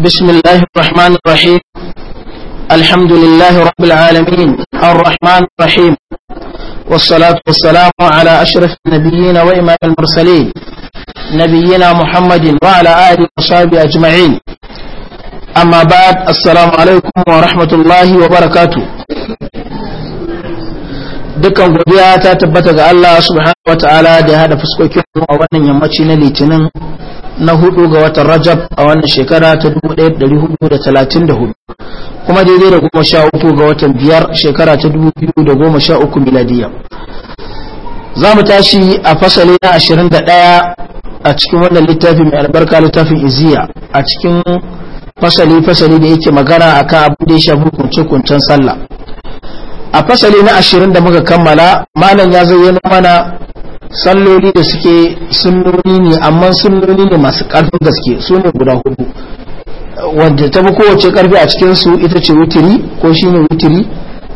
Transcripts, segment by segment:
بسم الله الرحمن الرحيم الحمد لله رب العالمين الرحمن الرحيم والصلاة والسلام على أشرف النبيين وإمام المرسلين نبينا محمد وعلى آله وصحبه أجمعين أما بعد السلام عليكم ورحمة الله وبركاته dukkan godiya ta tabbata ga Allah subhanahu wa ta'ala da ya hada fuskokin a wannan yammaci na litinin na hudu ga watan rajab a wannan shekara ta 1434 kuma daidai da goma sha uku ga watan biyar shekara ta 2013 miladiya za mu tashi a fasali na 21 a cikin wannan littafi mai albarka littafin iziya a cikin fasali-fasali da yake magana a kan abu da ya shafi kunce-kuncen sallah a fasali na ashirin da muka kammala malam ya zayyana mana salloli da suke sunnoni ne amma sunnoni ne masu ƙarfin gaske su ne guda hudu wanda ta fi kowace ƙarfi a cikin su ita ce wutiri ko shi ne wutiri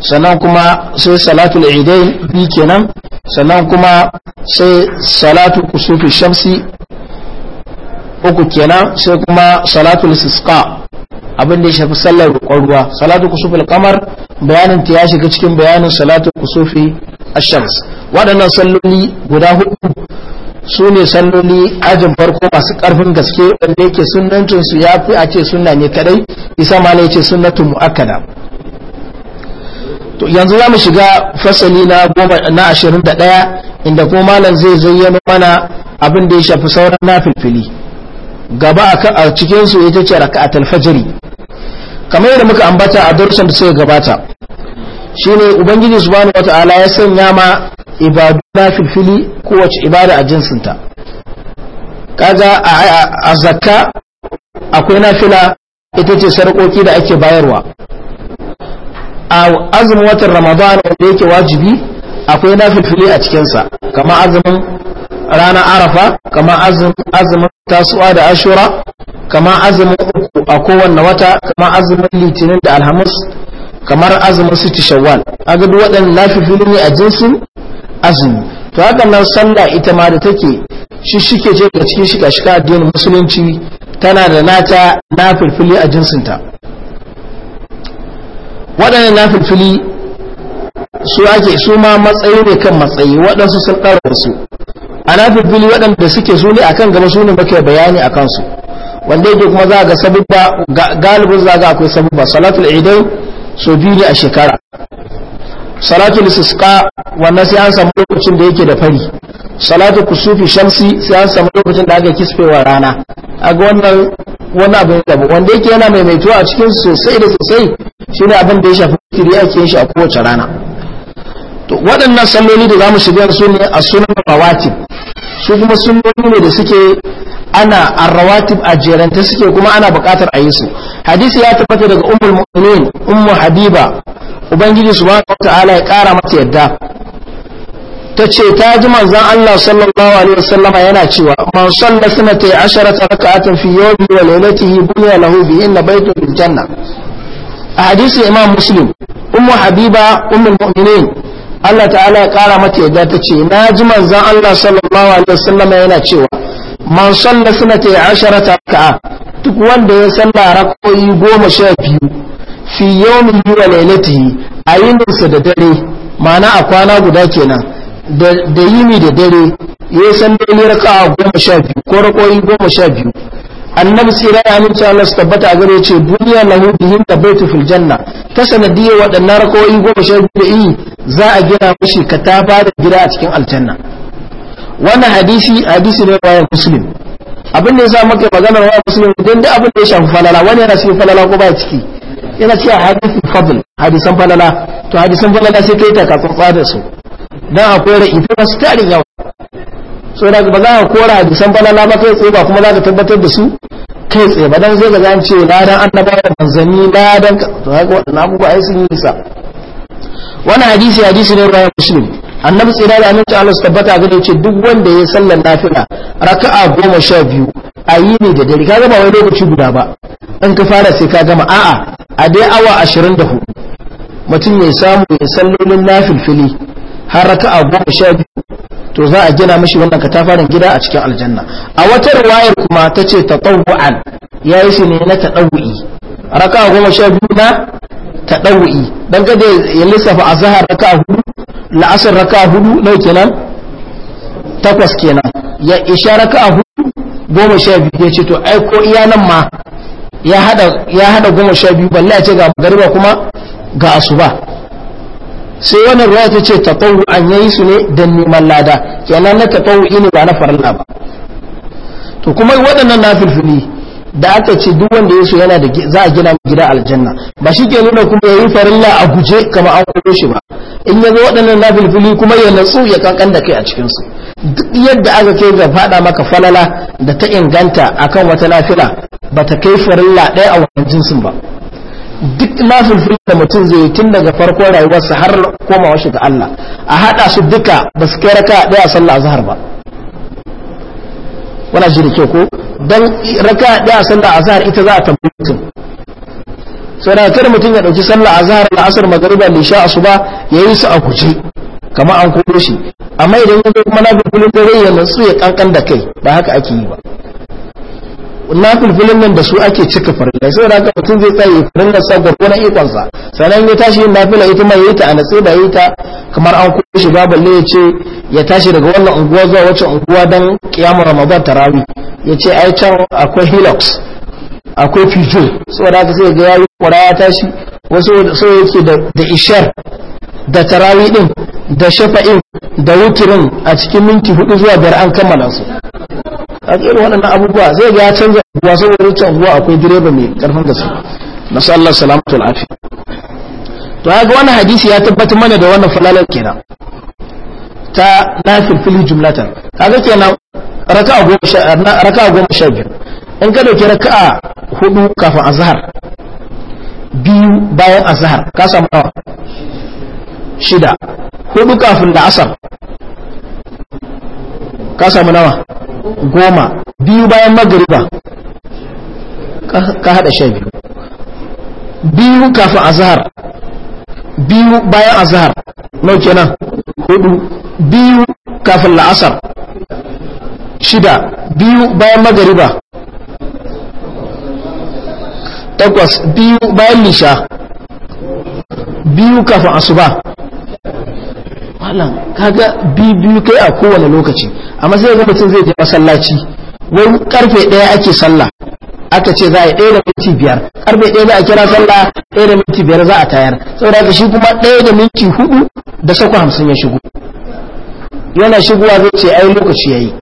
sannan kuma sai salatul idai bi kenan sannan kuma sai Salatu kusufi shamsi uku kenan sai kuma salatul sisqa abinda ya shafi sallar ruwa Salatu Kusufi kamar bayanin ta ya shiga cikin bayanin Salatu kusufi ashams waɗannan salloli guda hudu su ne salloli ajin farko masu karfin gaske wanda yake sunnancin su ya fi a ce sunna ne kadai isa ma ne ce sunnatu mu'akkada to yanzu za mu shiga fasali na goma na ashirin da ɗaya inda kuma malam zai zayyano mana abin da ya shafi sauran nafilfili gaba a cikinsu ya ce raka'atul fajiri kamar yadda muka ambata a darusan da suka gabata shine ubangiji subhanahu wataala ya sanya ma ibadu na filfili kowace ibada a jinsinta kaga a zakka akwai nafila ita ce sarƙoƙi da ake bayarwa a azumin watan ramadan wanda yake wajibi akwai nafilfili a cikinsa kama azumin ranar arafa kama azumin tasuwa da ashura kama azumin uku a kowanne wata kama azumin litinin da alhamis kamar azumin su shawwal kaga duk waɗannan lafifi ne a jinsin azumi to haka nan sallah ita ma da take shi shike je ga cikin shika shika addinin musulunci tana da nata nafilfili a jinsin ta. waɗannan nafilfili su ake su ma matsayi ne kan matsayi waɗansu sun ɗara su, a nafilfili waɗanda suke su ne akan gaba su ne muke bayani a kansu wanda yake kuma za ga sabubba galibin za ga akwai sabubba salatul idai so biyu ne a shekara salatu lisiska wannan sai an samu lokacin da yake da fari salatu kusufi shamsi sai an samu lokacin da aka kisfewa rana aga wannan wani abin da wanda yake yana maimaituwa a cikin sosai da sosai shine abin da ya shafi fitiri ake yin shi a kowace rana to waɗannan salloli da zamu shiga su ne a sunan rawatib su kuma sunnoni ne da suke ana arrawatib a jeranta suke kuma ana buƙatar a yi su hadisi ya tabbata daga ummul mu'minin ummu habiba ubangiji subhanahu wataala ya ƙara mata yadda ta ce ta ji manzon Allah sallallahu alaihi wasallam yana cewa man salla sanata 10 rak'atin fi yawmi wa laylatihi bunya lahu bi inna baytun bil janna a hadisi imam muslim ummu habiba ummul mu'minin Allah ta'ala ya kara mata yadda ta ce na ji manzon Allah sallallahu alaihi wasallam yana cewa man salla sunata asharata raka'a duk wanda ya salla rakoyi goma sha biyu fi yawmin wa yi a yininsa da dare mana a kwana guda kenan da yini da dare ya salloli raka'a goma sha biyu ko rakoyi goma sha biyu annabi sira ya amince Allah tabbata a gare ce duniya na bihim da baitu fil janna ta sanadiyar waɗannan rakoyi goma sha biyu da yi za a gina mashi katafa da gida a cikin aljanna wannan hadisi hadisi ne wa muslim abin da yasa muke magana wa muslim dan da abin da ya shafi falala wani yana cikin falala ko ba ciki yana cikin hadisi fadl hadisan falala to hadisan falala sai kai ta ka da su dan akwai ra'ifi ta tarin yawa so da ba za ka kora hadisan falala ba kai tsaye ba kuma za ka tabbatar da su kai tsaye ba dan zai ga zan ce ladan annabawa da manzanni ladan to haka wadannan abubuwa ai sun yi nisa wannan hadisi hadisi ne wa muslim annabi tsira da aminci Allah su tabbata ga ce duk wanda ya sallar nafila raka'a goma sha biyu a yi ne da dare ka gama wai lokaci guda ba in ka fara sai ka gama a'a a dai awa ashirin da mutum ya samu ya sallolin fili har raka'a goma sha biyu to za a gina mashi wannan katafaren gida a cikin aljanna a wata riwayar kuma ta ce ta ya yi shi ne na taɗawu'i raka'a goma sha biyu na taɗawu'i dan gade ya lissafa a zahar raka hudu la'asar raka hudu nau kenan takwas kenan ya isha raka hudu goma sha biyu ya to ai ko iya nan ma ya hada goma sha biyu balle ya ce ga magariba kuma ga asuba sai wannan ruwa ta ce taɓawu an yayi su ne dan neman lada kenan na taɓawu ne ba na farla ba to kuma waɗannan na filfili da aka ce duk wanda ya yana da za a gina gida aljanna ba shi ke nuna kuma yi farilla a guje kamar an koyo shi ba in ya zo waɗannan nafilfili kuma ya natsu ya kankan da kai a cikin su duk yadda aka kai ga faɗa maka falala da ta inganta akan wata nafila ba ta kai farilla ɗaya a wannan jinsin ba duk nafilfili da mutum zai yi tun daga farkon rayuwarsa har komawa shi ga Allah a haɗa su duka ba su kai raka ɗaya a sallah azhar ba wana shi da kyau ko dan raka daya sallar azhar ita za a tambaye mutum sai da kar mutum ya dauki sallar azhar da asar magariba da isha asuba yayi su a kuce kamar an koro shi amma idan yanzu kuma na bulbulin dare ya su ya kankan da kai ba haka ake yi ba na bulbulin nan da su ake cika farilla sai da mutum zai tsaye farin da sa gwargwaron ikonsa sannan ya tashi yin nafila ita ma yi ta a natsi ba yi ta kamar an koro shi ba balle ya ce ya tashi daga wannan unguwa zuwa wacce unguwa dan kiyamar ramadan tarawi ya ce ai can akwai helix akwai fito saboda haka sai ga yayi kwara ya tashi wasu so yake da ishar da tarawi din da shafa'in da wutirin a cikin minti hudu zuwa biyar an kammala su a irin waɗannan abubuwa zai ga ya canza unguwa saboda wacce unguwa akwai direba mai karfin gaske nasu Allah salamatu al'afi to ga wannan hadisi ya tabbata mana da wannan falalar kenan ta nafil fili jumlatan kaga kenan raka'a goma sha raka'a goma sha biyu in ka dauki raka'a hudu kafin azhar biyu bayan azhar ka samu nawa shida hudu kafin da asar ka samu nawa goma biyu bayan magariba ka hada sha biyu biyu kafin azhar biyu bayan azhar nau kenan hudu biyu kafin la'asar shida biyu bayan magariba takwas biyu bayan lisha biyu kafin asuba malam kaga biyu biyu kai a kowane lokaci amma sai ga mutum zai je masallaci wai karfe daya ake sallah aka ce za a yi ɗaya da minti biyar ƙarfe ɗaya za a kira sallah ɗaya da minti biyar za a tayar saboda haka shi kuma ɗaya da minti hudu da sakwa hamsin ya shigo yana shigowa zai ce ai lokaci yayi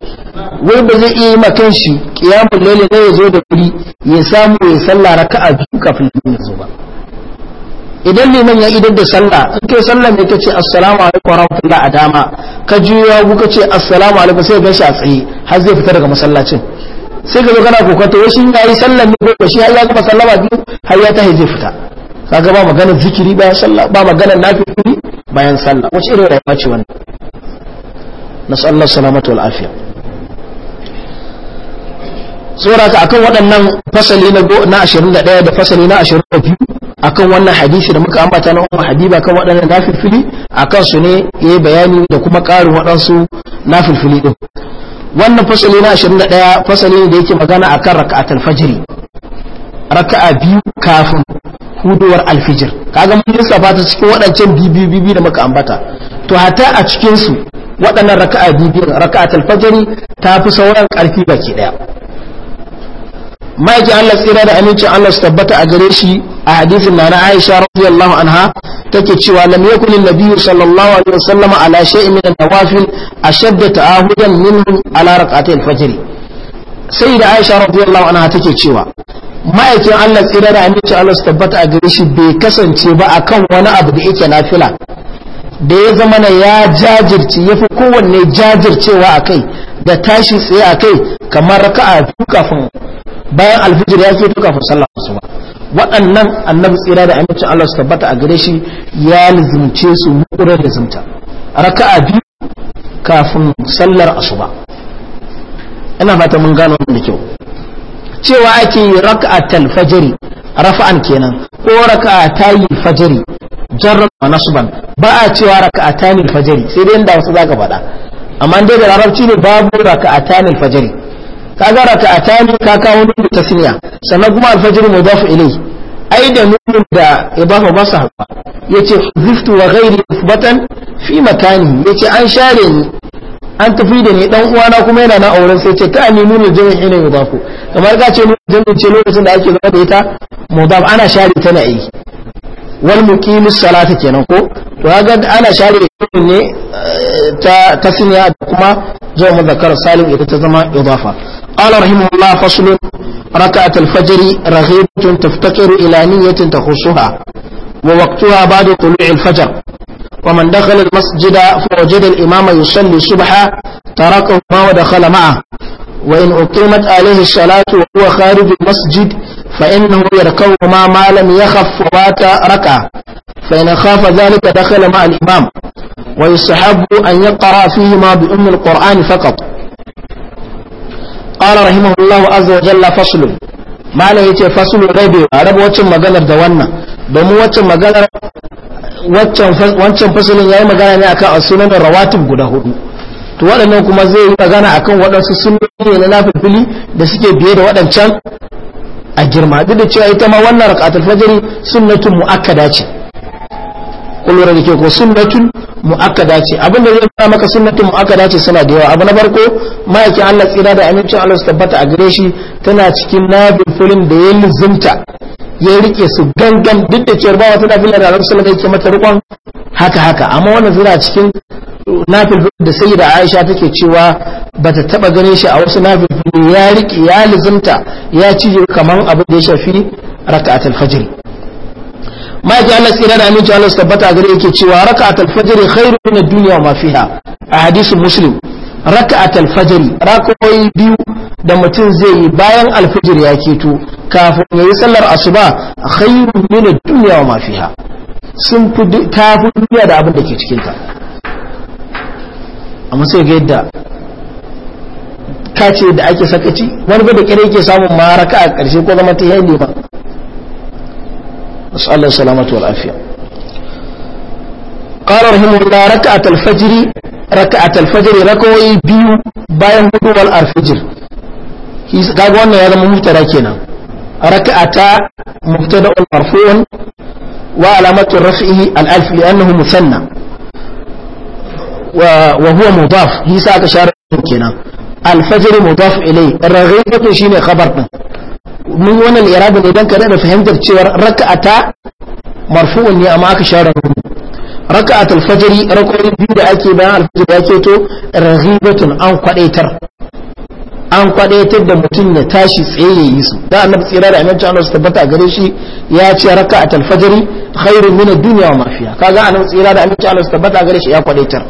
wai ba zai iya yi ma kanshi ƙiyamun lele ne ya zo da wuri ya samu ya sallah raka a biyu kafin ya zo ba idan liman ya idar da sallah in kai sallah ne kace assalamu alaikum wa rahmatullah a dama ka juya ku kace assalamu alaikum sai ya gashi a tsaye har zai fita daga masallacin sai ka zo kana kokato wai ya yi sallar ne ko shi ya kuma sallama biyu har ya tahi zai fita kaga ba maganar zikiri bayan sallah ba maganar nafili bayan sallah wace irin rayuwa ce wannan nasallallahu salamatu wal afiya tsora ka akan waɗannan fasali na 21 da fasali na 22 akan wannan hadisi da muka ambata na umar habiba kan waɗannan fili akan su ne ya yi bayani da kuma ƙarin waɗansu fili ɗin wannan fasali na 21 fasali ne da yake magana akan raka'atul fajr raka'a biyu kafin huduwar alfijir kaga mun lissafa ta cikin waɗancan bibi bibi da muka ambata to hatta a cikin su waɗannan raka'a bibiyu raka'atul fajr ta fi sauran karfi baki daya ma'aikin Allah tsira da amincin Allah su tabbata a gare shi a hadisin na na Aisha radiyallahu anha take cewa lam yakun an-nabiy sallallahu alaihi wasallam ala shay'in min an-nawafil ashadda ta'ahudan minhum ala raq'atay al-fajr sai da Aisha radiyallahu anha take cewa ma'aikin Allah tsira da amincin Allah su tabbata a gare shi bai kasance ba akan wani abu da yake nafila da ya zama na ya jajirce ya fi kowanne jajircewa a kai da tashi tsaye a kai kamar raka a tukafin bayan alfijir ya fi kafin sallah su ba waɗannan annabi tsira da amincin Allah su tabbata a gare shi ya lizumce su mukurar lizumta raka a biyu kafin sallar asuba ina fata mun gano da kyau cewa ake yi a talfajari rafa'an kenan ko tayi fajari. jarra wa nasban ba a cewa raka'atani al sai dai inda wasu za ka faɗa amma dai da larabci ne babu raka'atani al-fajr kaga raka'atani ka kawo ta tasniya sannan kuma al-fajr dafa ilai ai da nunin da ya ba su haɓa yace ziftu wa ghairi batan fi makani yace an share ni an tafi da ni dan uwana kuma yana na auren sai ce ta ni nunu jami'i ne mudafu kamar ka ce nunu jami'i ce lokacin da ake zama da ita mudaf ana share tana yi wal mukimi salata kenan ko to kaga ana share kullu ne eh, ta tasniya da kuma zuwa muzakkar salim ita ta zama idafa al- rahimahullah faslu rak'at al-fajr raghibatun taftakir ila niyyatin takhusuha wa waqtuha ba'da tulu' al-fajr wa man dakhala al-masjida fawajada al-imama yusalli subha taraka ma wa dakhala ma'a وإن أقيمت عليه الصلاة وهو خارج المسجد فإنه يركو ما ما لم يخف فوات ركعة فإن خاف ذلك دخل مع الإمام ويستحب أن يقرأ فيهما بأم القرآن فقط قال رحمه الله عز وجل فصل ما لا يتي فصل ربي رب وچن maganar دوانا wannan domin waccan maganar فصل fasalin yayi magana ne رواتب sunan da to waɗannan kuma zai yi magana akan waɗansu sunnoni na nafilfili da suke biye da waɗancan a girma duk da cewa ita ma wannan rakatul fajri sunnatun muakkada ce kullu da ke ko sunnatun muakkada ce abin da zai fara maka sunnatun muakkada ce suna da yawa abu na farko ma'aikin Allah tsira da amincin Allah su tabbata a gare shi tana cikin nafilin da ya lizimta ya rike su gangan duk da cewar ba wata dafila da Annabi sallallahu alaihi wasallam yake mata rikon haka haka amma wannan zira cikin nafil da sai da Aisha take cewa bata taba ganin shi a wasu nafil ya rike ya lizimta ya cije kaman abu da ya shafi al fajr ma ji Allah tsira da aminci Allah tabbata gare yake cewa al fajr khairu min ad-dunya wa ma fiha a hadisin muslim raka'at al-fajr rakoyi biyu da mutum zai yi bayan al-fajr ya keto kafin ya yi sallar asuba khairu min ad-dunya wa ma fiha sun fi tafi duniya da abin da ke cikin ta amma sai ga yadda kace da ake sakaci wani da kire yake samun ma raka'a karshe ko zama ta yayi ba sallallahu alaihi wa sallam قال رحمه الله ركعة الفجر raka'at al-fajr rakawoyi biyu bayan hudubar al-fajr kaga wannan ya zama mubtada kenan raka'ata mubtada al-marfu'un wa alamatu raf'ihi al-alf li'annahu musanna wa huwa mudaf sa aka share kenan al-fajr mudaf ilay raghibatu shine khabar din mun wannan irabin idan ka da fahimtar cewa raka'ata marfu'un ne amma aka share raka'at al-fajri rak'o'i biyu da ake bayan al-fajr ya keto raghibatun an kwadaitar an kwadaitar da mutum ya tashi tsaye ya yi su da annabi tsira da aminci Allah su tabbata a gare shi ya ce raka'at al-fajri khairun min ad-dunya wa ma fiha kaga annabi tsira da aminci Allah su tabbata a gare shi ya kwadaitar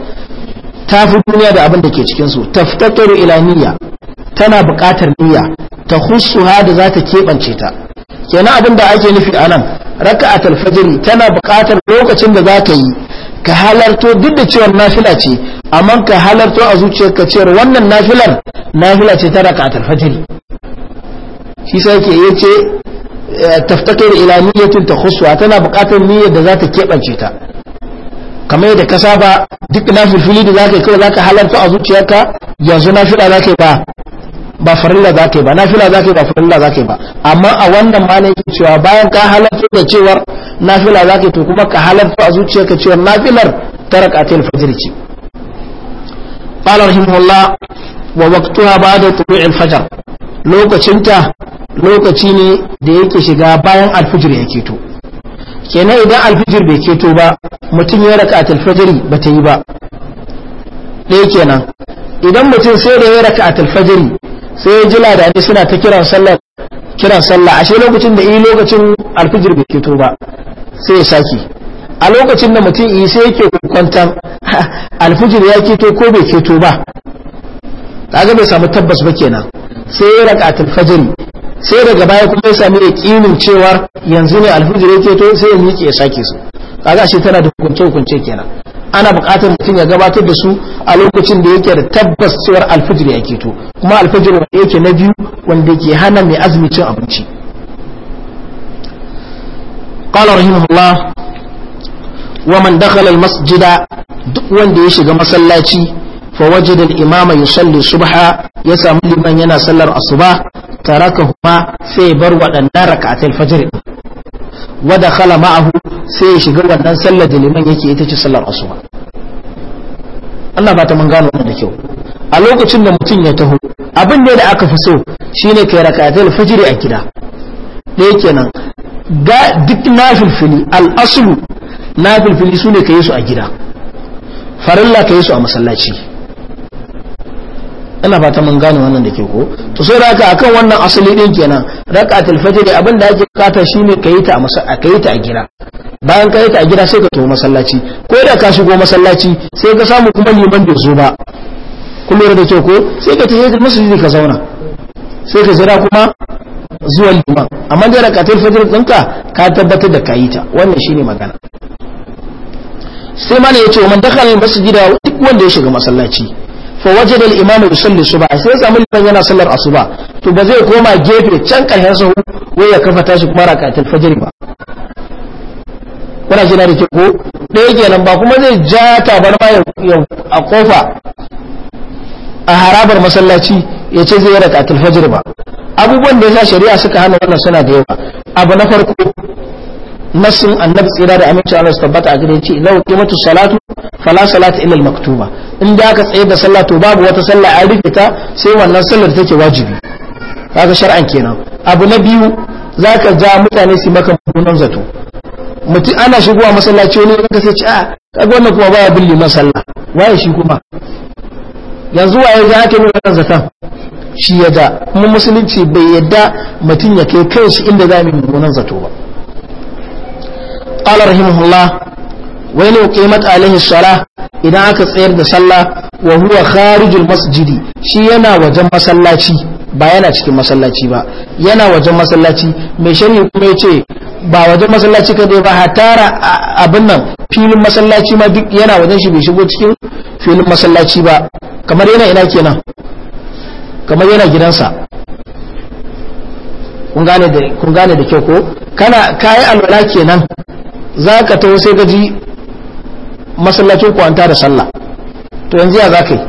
fi duniya da abin da ke cikin su taftataru ila niyya tana buƙatar niyya ta hussuha da za ta keɓance ta kenan abin da ake nufi anan raka'at fajr tana buƙatar lokacin da za ka yi ka halarto duk da cewa nafila ce amma ka halarto a zuciyarka cewa wannan nafilar nafila ce ta raka'at fajr shi sai ke yace eh, taftakir ila niyyatin takhussuha tana buƙatar niyyar da za ta keɓance ta kamar yadda ka saba duk nafilfili da za ka yi kawai za ka halarta a zuciyarka yanzu nafila za ka yi ba ba farilla za ka yi ba na fila za ka yi ba farilla za ka yi ba amma a wannan ma ne yake cewa bayan ka halarta da cewar fila za ka yi to kuma ka halarta a cewa cewar filar ta rakatul fajr ce قال رحمه الله ووقتها بعد طلوع الفجر lokacinta lokaci ne da yake shiga bayan alfijir ya keto kenan idan alfijir bai keto ba mutum ya raka alfajiri ba ta yi ba ɗaya kenan idan mutum sai da ya raka alfajiri sai ya ji ladani suna ta kiran sallar kiran sallah ashe lokacin da yi lokacin alfijir bai keto ba sai ya saki a lokacin da mutum yi sai yake kwantan alfijir ya keto ko bai keto ba kaga bai samu tabbas ba kenan sai ya raka alfajir sai daga baya kuma ya samu yaqinin cewa yanzu ne alfijir ya keto sai ya miƙe ya sake su kaga ashe tana da hukunce hukunce kenan ana buƙatar mutum ya gabatar da su a lokacin da yake da tabbas cewar alfijir ya keto kuma alfijir wanda yake na biyu wanda ke hana mai azumi cin abinci قال رحمه الله ومن دخل duk wanda ya shiga masallaci fa da al-imama yusalli subha ya samu liman yana sallar asuba tarakahuma sai bar waɗannan rak'atul fajr wa khala ma'ahu sai ya shiga wannan sallar da liman yake ita ce sallar asuba Allah ba ta mun gano wannan da kyau a lokacin da mutum ya taho abin ne da aka fi so shine kai rakatul fajr a gida yake kenan ga duk fili al-aslu nafilfili sune kai su a gida farilla kai su a masallaci ina fata mun gane wannan da ke ko to sai raka akan wannan asali din kenan rak'atul fajr abin da ake kata shine kai ta a kayi ta a gida bayan kai ta a gida sai ka to masallaci ko da ka shigo masallaci sai ka samu kuma liman da zo ba kun lura da ke ko sai ka tafi masallaci ka zauna sai ka jira kuma zuwa liman amma da rak'atul fajr ɗinka ka tabbatar da kayi ta wannan shine magana sai mana ya ce wa man dakhala al-masjida duk wanda ya shiga masallaci fa waje da limamu yusalli ba sai ya samu liman yana sallar asuba to ba zai koma gefe can karshen sahu wai ya kafa tashi kuma rakatul fajr ba kuna jina da ko ɗaya kenan ba kuma zai ja tabar ma a kofa a harabar masallaci ya ce zai rakatul fajr ba abubuwan da ya sa shari'a suka hana wannan suna da yawa abu na farko nasin annabi tsira da aminci Allah su tabbata a gare ce law salatu fala salatu illa maktuba in da aka tsaye da sallah to babu wata sallah a rufe ta sai wannan sallar take wajibi kaga shar'an kenan abu na biyu zaka ja mutane su maka mummunan zato mutum ana shigowa masallaci wani ka sai ci a ah, kaga wannan kuma baya bin liman sallah waye shi kuma yanzu waye ga ake nuna wannan zakan shi ya da kuma musulunci bai yadda mutum ya kai kanshi inda za mu mummunan zato ba qala rahimahullah wa in qimat alaihi salah idan aka tsayar da sallah wa huwa kharijul masjidi shi yana wajen masallaci ba yana cikin masallaci ba yana wajen masallaci mai shari'a kuma yace ba wajen masallaci kadai ba hatara abin nan filin masallaci ma duk yana wajen shi bai shigo cikin filin masallaci ba kamar yana ina kenan kamar yana gidansa kun gane da kyau ko kana kayi alwala kenan za ka ta sai gaji masallacin kwanta da sallah to yanzu ya za ka yi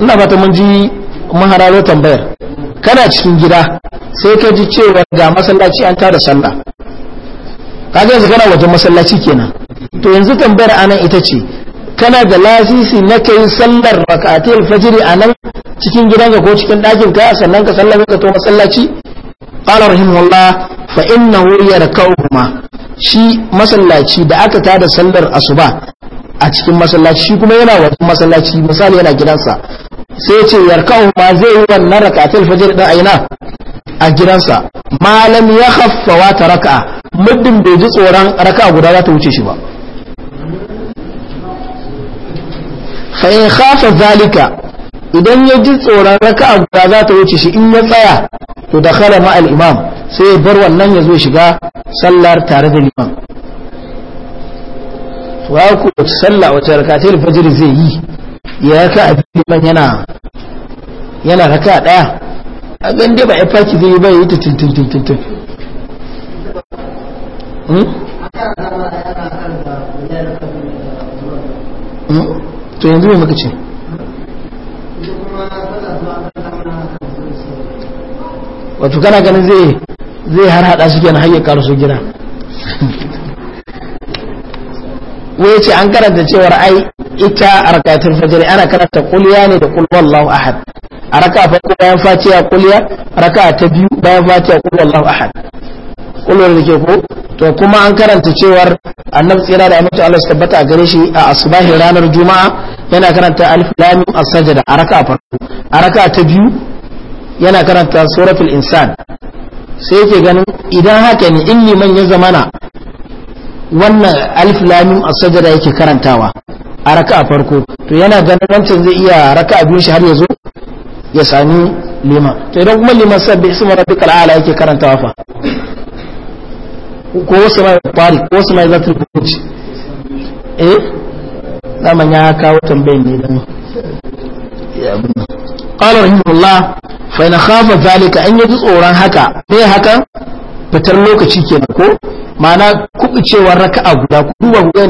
ina fata mun ji mahararo tambayar kana cikin gida sai ka ji cewa ga masallaci an da sallah kaga yanzu kana wajen masallaci kenan to yanzu tambayar anan ita ce kana da lasisi na kai sallar rakatai alfajiri a nan cikin gidanka ko cikin ɗakin ka sannan ka sallame ka to masallaci qala rahimahullah fa innahu yarkauhuma shi masallaci da aka tada sallar asuba a cikin masallaci shi kuma yana wajen masallaci misali yana gidansa sai ce yarkauhuma zai yi wannan rakatul fajr da aina a gidansa malam ya khaffawa ta raka'a muddin bai ji tsoron raka guda za ta wuce shi ba fa in khafa zalika idan ya ji tsoron raka'a guda za ta wuce shi in ya tsaya to da khala ma al-imam sai ya bar wannan ya zo shiga sallar tare da liman to ya ku salla sallah wace rakatul fajr zai yi ya raka a liman yana yana raka daya a gan dai ba ya faki zai yi ba yi ta tuntun tuntun tun to yanzu me muka ce wato kana ganin zai zai har hada su kenan har ya su gina. wai ce an karanta cewar ai ita a rakatun fajr ana karanta kulya ne da kul wallahu ahad a raka farko bayan fatiha kulya raka ta biyu bayan fatiha kul wallahu ahad kullum da ke ko to kuma an karanta cewar annabi tsira da amince Allah tabbata a gare shi a asbahin ranar juma'a yana karanta alif lam as-sajda a raka'a farko a raka'a ta biyu yana karanta suratul insan sai yake ganin idan haka ne in liman ya zamana wannan alif lam as-sajda yake karantawa a raka'a farko to yana ganin wancan zai iya raka'a biyu shi har ya zo ya sami liman to idan kuma liman sabbi isma rabbikal a'la yake karantawa fa ko wasu mai fari ko wasu mai zatul kuci eh daman ya kawo tambayin ne don ƙalar rahimullah fa na khafa zalika an yi tsoron haka me haka fitar lokaci kenan ko ma'ana kubucewar raka'a guda kuɗi duba ku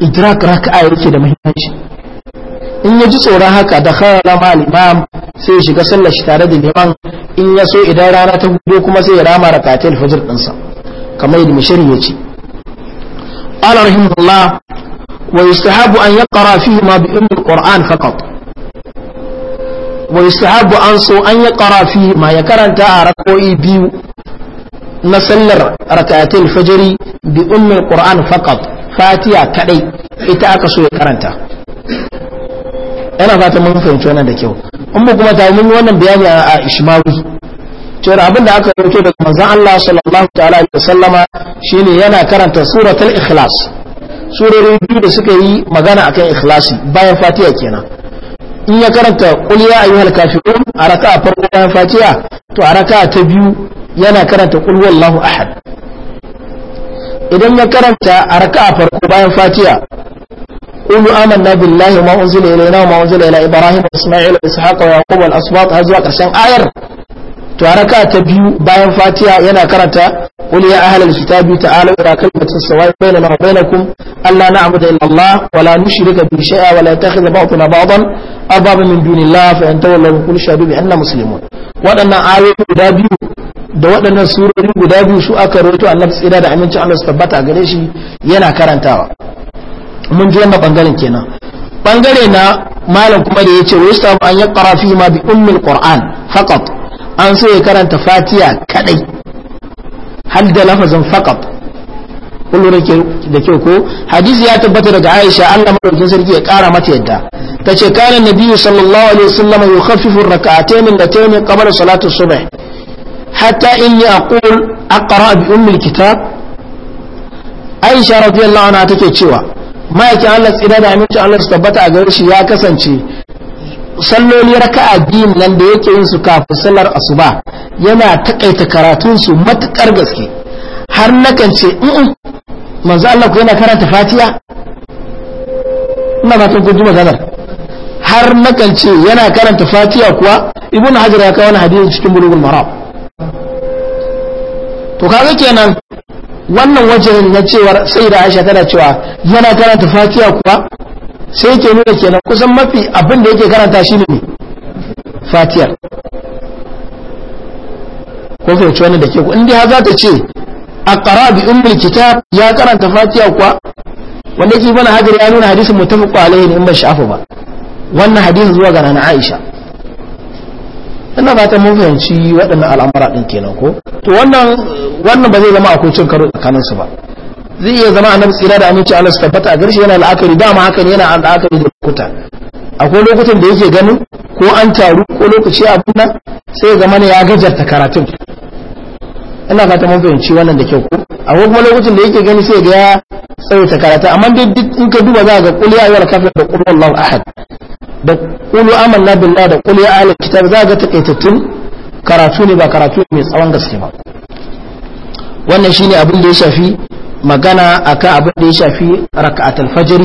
idrak raka'a yake da muhimmanci in ya ji tsoron haka da kharala ma sai ya shiga sallar shi tare da liman in ya so idan rana ta gudu kuma sai ya rama rakatul fajr din sa kamar yadda mishri ya ce rahimahullah ويستحب أن يقرأ فيهما بأم القرآن فقط ويستحب أنسو أن يقرأ فيهما يكرن تأرقوئي بيو نسلر ركعت الفجر بأم القرآن فقط فاتيا كدي إتأكسو يكرن أنا فاتم من فهمت وانا دكيو أمكم تعلمون وانا بياني إشماوي cewar أبن da aka dauke daga manzon الله sallallahu ta'ala alaihi wasallama shine yana karanta suratul surori biyu da suka yi magana akan ikhlasi bayan fatiha kenan in ya karanta qul ayi ayyuhal kafirun a raka'a farko bayan fatiha to a raka'a ta biyu yana karanta qul wallahu ahad idan ya karanta a raka'a farko bayan Fatiya fatiha قل آمنا بالله وما أنزل إلينا وما أنزل إلى إبراهيم وإسماعيل وإسحاق ويعقوب والأسباط هذه ƙarshen Ayar. to a ta biyu bayan Fatiya yana karanta qul ya ahlal kitabi ta'alu ila kalimatin sawa'i bainana wa bainakum alla na'budu illa Allah wa la nushrika bihi shay'a wa la yattakhidha ba'duna ba'dan arbaba min dunillah fa in tawallaw qul shahadu bi anna muslimun wadannan ayoyi guda biyu da waɗannan surori guda biyu su aka roto annabi tsira da amincin Allah su tabbata a gare shi yana karantawa mun ji wannan bangaren kenan bangare na malam kuma da yace wa yustabu an yaqra fi ma bi ummil qur'an faqat an so ya karanta fatiya kadai hal da lafazin faqat kullu da kyau ko hadisi ya tabbata daga Aisha Allah madaukakin sarki ya kara mata yadda tace kana nabiyyu sallallahu alaihi wasallam yukhaffifu rak'atayn min qabla salati as-subh hatta in yaqul aqra bi ummi al-kitab Aisha radiyallahu anha take cewa ma'aikin Allah tsira da aminci Allah tabbata a gare shi ya kasance salloli raka'a biyun nan da yake yin su kafin sallar asuba yana takaita karatun su matukar gaske har nakan ce in manzo Allah ku yana karanta Fatiha ina ba ta gudu maganar har nakan ce yana karanta Fatiha kuwa Ibn Hajar ya kawo wani hadisi cikin bulugul maram to kaga kenan wannan wajen na cewar sai da Aisha tana cewa yana karanta Fatiha kuwa sai ke nuna kenan kusan mafi abin da yake karanta shi ne fatiya ko fahimci wani da ke ku inda za ta ce a ƙara bi umar kitab ya karanta fatiya kuwa wanda ke bana hajar ya nuna hadisin kwalaye ne in ba shafa ba wannan hadisin zuwa ga nana Aisha ina ba ta mun fahimci waɗannan al'amura ɗin kenan ko to wannan wannan ba zai zama akwai cin karo tsakaninsu ba zai iya zama annabi tsira da aminci Allah su tabbata a garshe yana la'akari dama hakan yana la'akari da lokuta akwai lokutan da yake ganin ko an taru ko lokaci a nan sai zama ne ya gajarta karatun ina fata mun fahimci wannan da kyau ko akwai kuma lokacin da yake gani sai ga ya tsawaita karatu amma duk duk in ka duba za ga qul ya ayyuhal kafir da qul wallahu ahad da kulu amanna billahi da qul ya ahlul kitab za ga takaitattun karatu ne ba karatu mai tsawon gaske ba wannan shine abin da ya shafi magana akan abin da ya shafi raka'atul fajr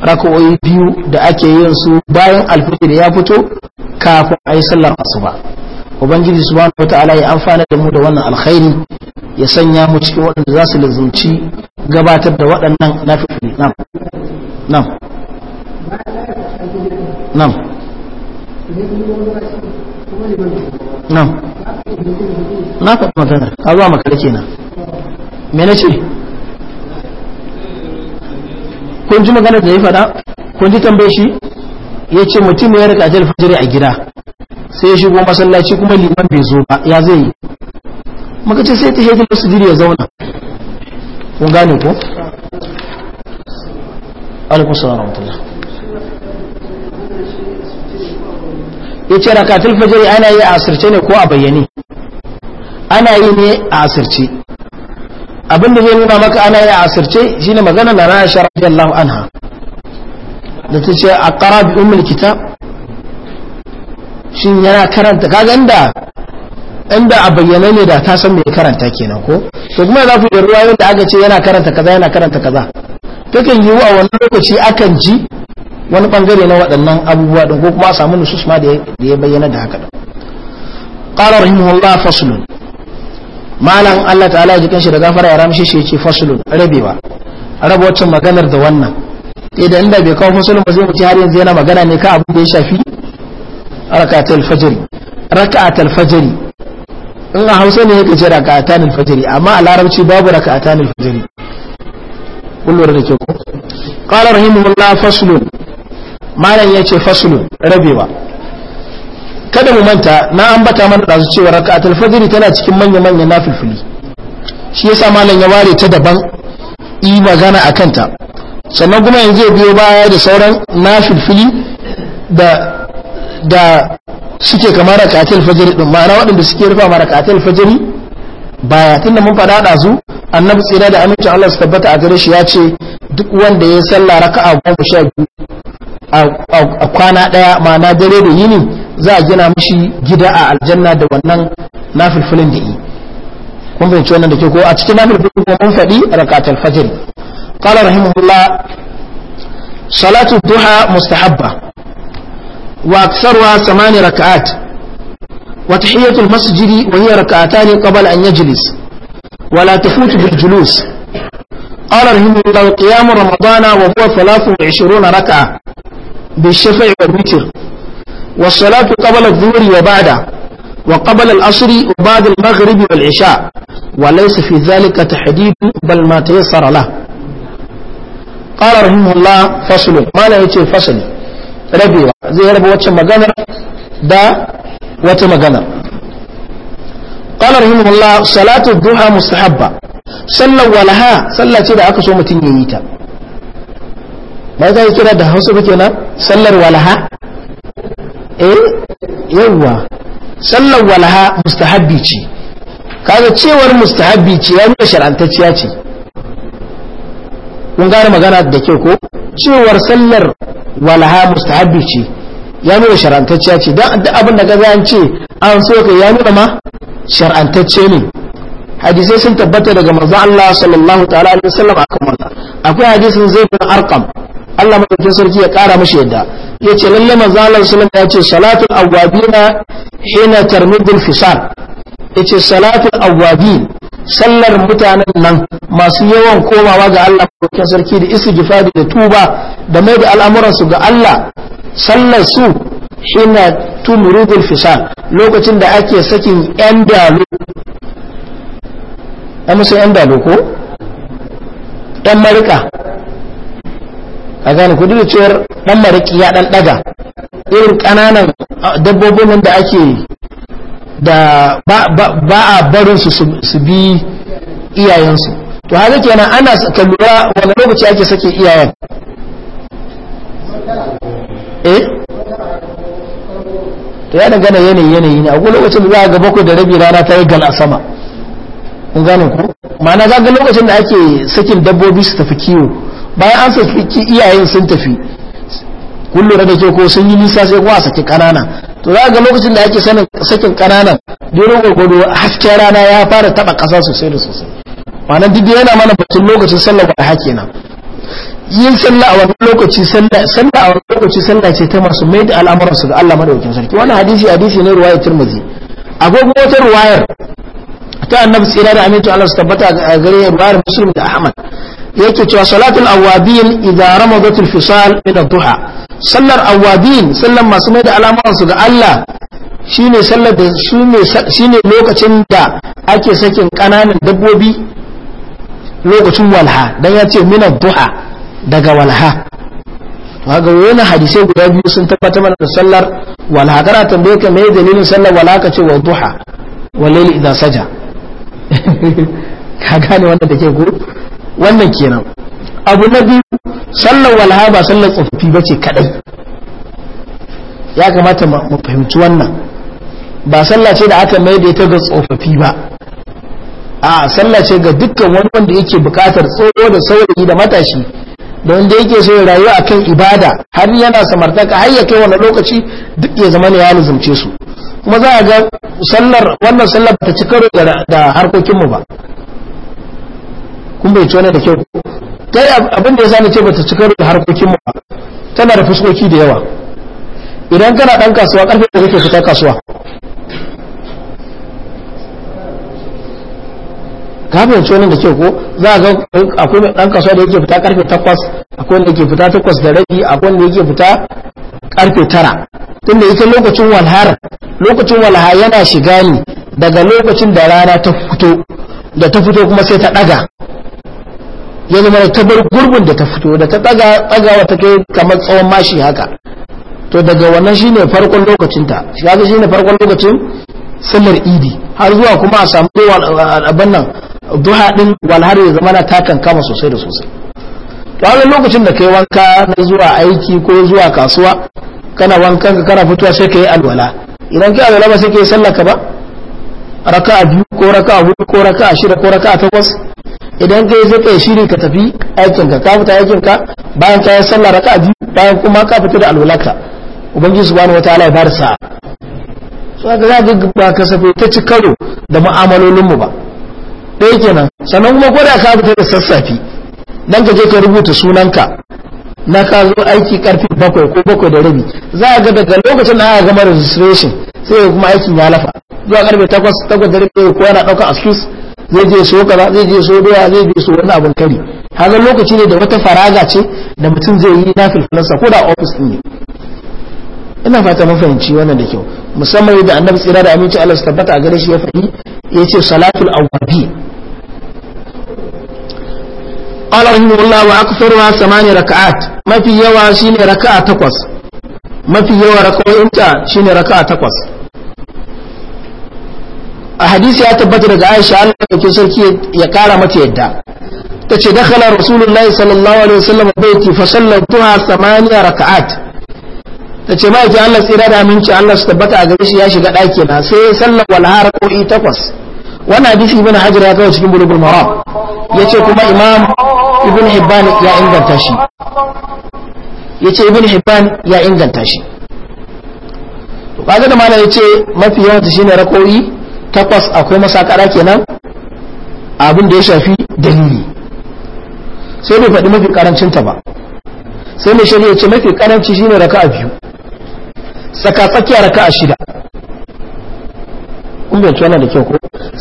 raka'o'i biyu da ake yin su bayan alfajir ya fito kafin ayi sallar asuba ubangiji subhanahu wataala ya amfana da mu da wannan alkhairi ya sanya mu cikin waɗanda za su lazumci gabatar da waɗannan nafi'i nam nam nam nam na faɗi magana a zuwa makare kenan me na ce kun ji magana da ya fada kun ji tambaye shi ya ce mutum ya rika ajiyar fajiri a gida sai ya shigo masallaci kuma liman bai zo ba ya zai yi muka ce sai ta hejin masjidi ya zauna kun gane ko alaikum salam rahmatullah ya ce rakatul fajiri ana yi a asirce ne ko a bayyane ana yi ne a asirce abin da zai nuna maka ana yi a asirce ne magana na rana shi radiyallahu anha da ta ce a ƙara bi umar kita shi yana karanta kaga inda inda a bayyana ne da ta san mai karanta kenan ko to kuma za ku ruwa yadda aka ce yana karanta kaza yana karanta kaza kan yi a wani lokaci akan ji wani bangare na waɗannan abubuwa ɗin ko kuma a samu nusus ma da ya bayyana da haka ɗin yi rahimahullah faslun malam Allah ta'ala ya jikin shi da gafara ya ramshi shi ce fasulun rabewa raba wacce maganar da wannan idan eh, inda bai kawo fasulun ba zai mutu har yanzu yana magana ne ka abu da ya shafi rakatul fajr rakatul fajr in a hausa ne yake ce rakatul fajr amma a larabci babu rakatul fajr kullum da ke ko qala rahimahullah fasulun malam yace fasulun rabewa kada mu manta na ambata mana da cewa raka'atul fajr tana cikin manya-manyan nafilfili shi yasa malam ya ware ta daban yi magana akan ta sannan kuma yanzu ya biyo baya da sauran nafilfili da da suke kamar raka'atul fajr din ma'ana waɗanda suke rufa ma raka'atul fajr baya tunda mun faɗa da su annabi tsira da aminci Allah su tabbata a gare shi ya ce duk wanda ya sallah raka'a goma sha biyu a kwana ɗaya ma'ana dare da yini za a gina mashi gida a aljanna da wannan nafilfilin da yi kun fahimci wannan da ke ko a cikin nafilfilin ko mun faɗi rakatul fajr qala rahimahullah salatu duha mustahabba wa samaniya samani raka'at wa tahiyatul masjidi wa hiya ne qabla an yajlis wa la tafutu bil julus قال رحمه الله قيام رمضان وهو 23 ركعة بالشفع والوتر والصلاة قبل الظهر وبعده وقبل العصر وبعد المغرب والعشاء وليس في ذلك تحديد بل ما تيسر له قال رحمه الله فصل ما لا يتي فصل ربي زي ربي واتش مغانا دا واتش مغانا قال رحمه الله صلاة الضحى مستحبة صلى ولها صلى تيدا أكسو متن ييتا ما إذا يكرا ده هوسو بكينا صلى ولها eh yawwa sallar walaha mustahabbi ce kaga cewar mustahabbi ce ya nuna shar'antacciya ce kun gane magana da ke ko cewar sallar walaha mustahabbi ce ya nuna shar'antacciya ce don duk abin da gaza an ce an so ka ya nuna ma shar'antacce ne hadisai sun tabbata daga manzo Allah sallallahu ta'ala alaihi wasallam akan wannan akwai hadisin Zaid bin Arqam Allah madaukin sarki ya kara mashi yadda Ya yace lalle manzo Allah ya ce yace salatul na hina tarmidul fisal ce salatul awwabi sallar mutanen nan masu yawan komawa ga Allah madaukin sarki da istighfari da tuba da mai da al'amuransu ga Allah sallar su hina tumrudul fisal lokacin da ake sakin yan dalo amma sai yan dalo ko yan marika a gane ku da cewar dan mariki ya dan daga irin kananan dabbobin da ake da ba a barin su su bi iyayensu to haka kenan ana ka lura wani lokaci ake sake iyayen eh to ya dangana yanayi yanayi ne a akwai lokacin da za a ga ku da rabi rana ta yi gal a sama kun gane ku ma'ana ga lokacin da ake sakin dabbobi su tafi kiwo bayan an saki iyayen sun tafi kullum da ke ko sun yi nisa sai kuma a saki kanana to za ga lokacin da ake sakin kanana dole gwargwado hasken rana ya fara taba kasa sosai da sosai ma'ana didi yana mana batun lokacin sallar ba hake na. yin sallah a wani lokaci sallah a wani lokaci sallah ce ta masu mai da al'amuran su ga Allah madaukin sarki wannan hadisi hadisi ne ruwayar Tirmidhi akwai kuma wata ruwayar ta annabi tsira da amintu Allah su tabbata a gare ruwayar Muslim da Ahmad yake cewa salatul awabin idan ramadatul fisal min duha sallar awabin sallar masu mai da alaman su ga Allah shine sallar da shine lokacin da ake sakin kananan dabbobi lokacin walha dan ya ce min duha daga walha kaga wani hadisai guda biyu sun tabbatar mana da sallar walha kana tambaye ka me dalilin sallar walha kace wa duha wa layli saja ka gane wannan da ke wannan kenan abu na biyu sallar walha ba sallar tsofaffi ba ce kadai ya kamata mu fahimci wannan ba sallah ce da aka mai da ita ga tsofaffi ba a sallah ce ga dukkan wani wanda yake bukatar tsoro da saurayi da matashi da wanda yake so ya rayuwa akan ibada har yana samartaka har ya kai wani lokaci duk ya zama ne ya lizumce su kuma za a ga sallar wannan sallar ta ci karo da harkokinmu ba kun bai ci wani da kyau kai abin da ya sani ce bata ci karo da harkokin mu tana da fuskoki da yawa idan kana dan kasuwa karfe da kake fita kasuwa ka fahimci wani da kyau ko za ga akwai dan kasuwa da yake fita karfe 8 akwai wanda yake fita 8 da rabi akwai wanda yake fita karfe tara tunda ita lokacin walhar lokacin walha yana shiga ne daga lokacin da rana ta fito da ta fito kuma sai ta daga ya zama ta bar gurbin da ta fito da ta tsagawa ta kai kamar tsawon mashi haka to daga wannan shine farkon lokacinta shi haka shine farkon lokacin sallar idi har zuwa kuma a samu abin nan duha din walhar ya zama na takan kama sosai da sosai to a lokacin da kai wanka na zuwa aiki ko zuwa kasuwa kana wankan ka kana fitowa sai ka yi alwala idan kai alwala ba sai ka yi sallar ka ba raka'a biyu ko raka'a hudu ko raka'a shida ko raka'a takwas idan kai sai kai shiri ka tafi aikin ka ka fita aikin bayan ka yi sallah raka'a biyu bayan kuma ka fita da alwalaka ubangiji subhanahu wataala ya bar sa'a so ka ga ba safe ta ci karo da mu'amalolin mu ba dai kenan sannan kuma ko da ka fita da sassafe dan ka je ka rubuta sunanka na ka zo aiki karfe bakwai ko bakwai da rabi za a ga daga lokacin da aka gama registration sai kuma aikin ya lafa zuwa karfe takwas 8 da rabi ko yana ɗauka excuse zai je so kaza zai je so doya zai je so wani abin kari kaga lokaci ne da wata faraga ce da mutum zai yi na filfilarsa ko da ofis din ne ina fata mun fahimci wannan da kyau musamman yadda annabi tsira da aminci Allah su tabbata a gare shi ya faɗi ya ce salatul awwabi qala rahimahullah wa aktharuha samani raka'at mafi yawa shine raka'a takwas mafi yawa raka'o'inta shine raka'a takwas a hadisi ya tabbata daga aisha allah ke sarki ya kara mata yadda ta ce dakhala rasulullahi sallallahu alaihi wasallam baiti fa raka'at ta ce ma'aikin allah tsira da aminci allah su tabbata a gare shi ya shiga daki na sai ya sallar walhara ko'i takwas wannan hadisi ibn hajar ya kawo cikin bulugul maram ya kuma imam ibn hibban ya inganta shi ya ce ibn hibban ya inganta shi to kaga da malam ya ce mafi shine rako'i takwas akwai masakara kenan abin da ya shafi dalili sai bai faɗi mafi karancin ta ba sai mai shari'a ce mafi karanci shine a biyu saka tsakiya a shida kun bai da kyau ko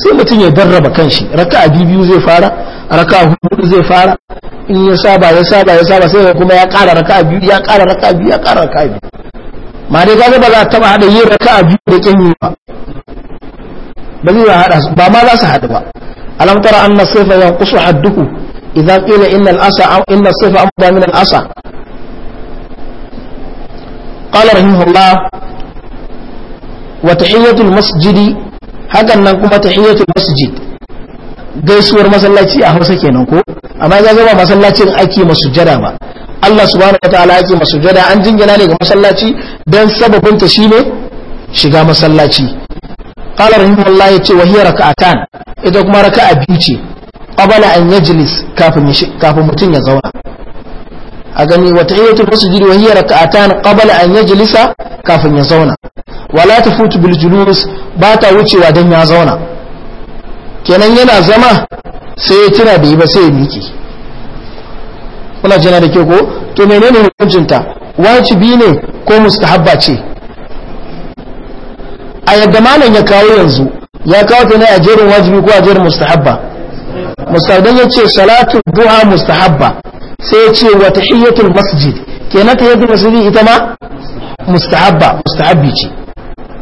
sai mutum ya darraba kanshi a biyu zai fara raka a hudu zai fara in ya saba ya saba ya saba sai kuma ya ƙara a biyu ya ƙara a biyu ya ƙara a biyu ma dai kaga ba za a taba hada yin a biyu da kyan yi ba ba zai hada ba ma za su hadu ba alam tara anna sayfa yanqusu hadduhu idza qila inna al-asa inna sayfa amda min al-asa قال رحمه الله وتحية المسجد هكذا نقوم gaisuwar masallaci a hausa kenan ko amma ya zama masallacin ake masujada ba Allah subhanahu wataala ake masujada an jingina ne ga masallaci dan sababin ta shine shiga masallaci qala rahimahullah yace wa hiya rak'atan ita kuma raka'a biyu ce qabla an yajlis kafin kafin mutun ya zauna a gani wa tahiyatul masjid wa hiya rak'atan qabla an yajlisa kafin ya zauna wala ta futu julus ba ta wucewa dan ya zauna kenan yana zama sai ya tira yi ba sai ya miki kuna jina da ke ko to menene hukuncinta wajibi ne ko mustahabba ce a yadda malam ya kawo yanzu ya kawo ta ne a jerin wajibi ko a jerin mustahabba mustahabban ya ce salatu duha mustahabba sai ya ce wa tahiyyatul masjid kenan tahiyyatul masjid ita ma mustahabba mustahabbi ce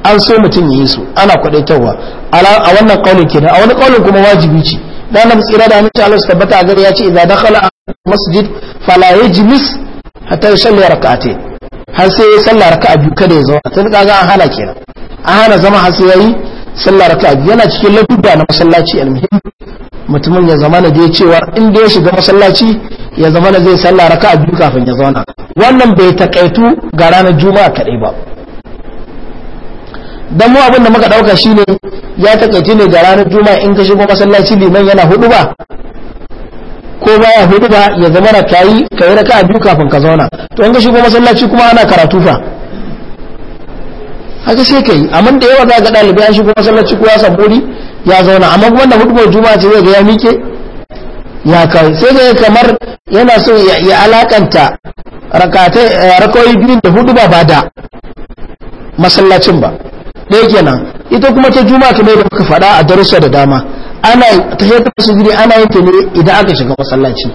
an so mutum yi su ana kwadaitawa a wannan kaulin kenan a wani kaulin kuma wajibi ce dan nan tsira da mutum Allah tabbata a gari ya ce idza dakhala masjid fala yajlis hatta yusalli rak'atayn har sai ya salla raka'a biyu kada ya zo tun ga an hana kenan a hana zama har sai yayi sallah raka yana cikin lafiya na masallaci almuhim mutumin ya zama da cewa in da ya shiga masallaci ya zama na zai sallah raka biyu kafin ya zauna wannan bai takaitu ga ranar juma'a kadai ba dan mu abin da muka dauka shine ya takaitu ne ga ranar juma'a in ka shigo masallaci liman yana hudu ba ko baya hudu ba ya zama da kayi kayi a biyu kafin ka zauna to in ka shigo masallaci kuma ana karatu fa haka sai kai amma da yawa za ga dalibai an shigo masallaci kuwa sabori ya zauna amma kuma da hudubar juma'a ce zai ga ya mike ya kai sai ga kamar yana so ya alakanta rakatai eh, biyu da hudu ba da masallacin ba ɗaya kenan ita kuma ta juma'a kamar da kuka faɗa a darussa da dama ana ta da su ana yin ta ne idan aka shiga masallaci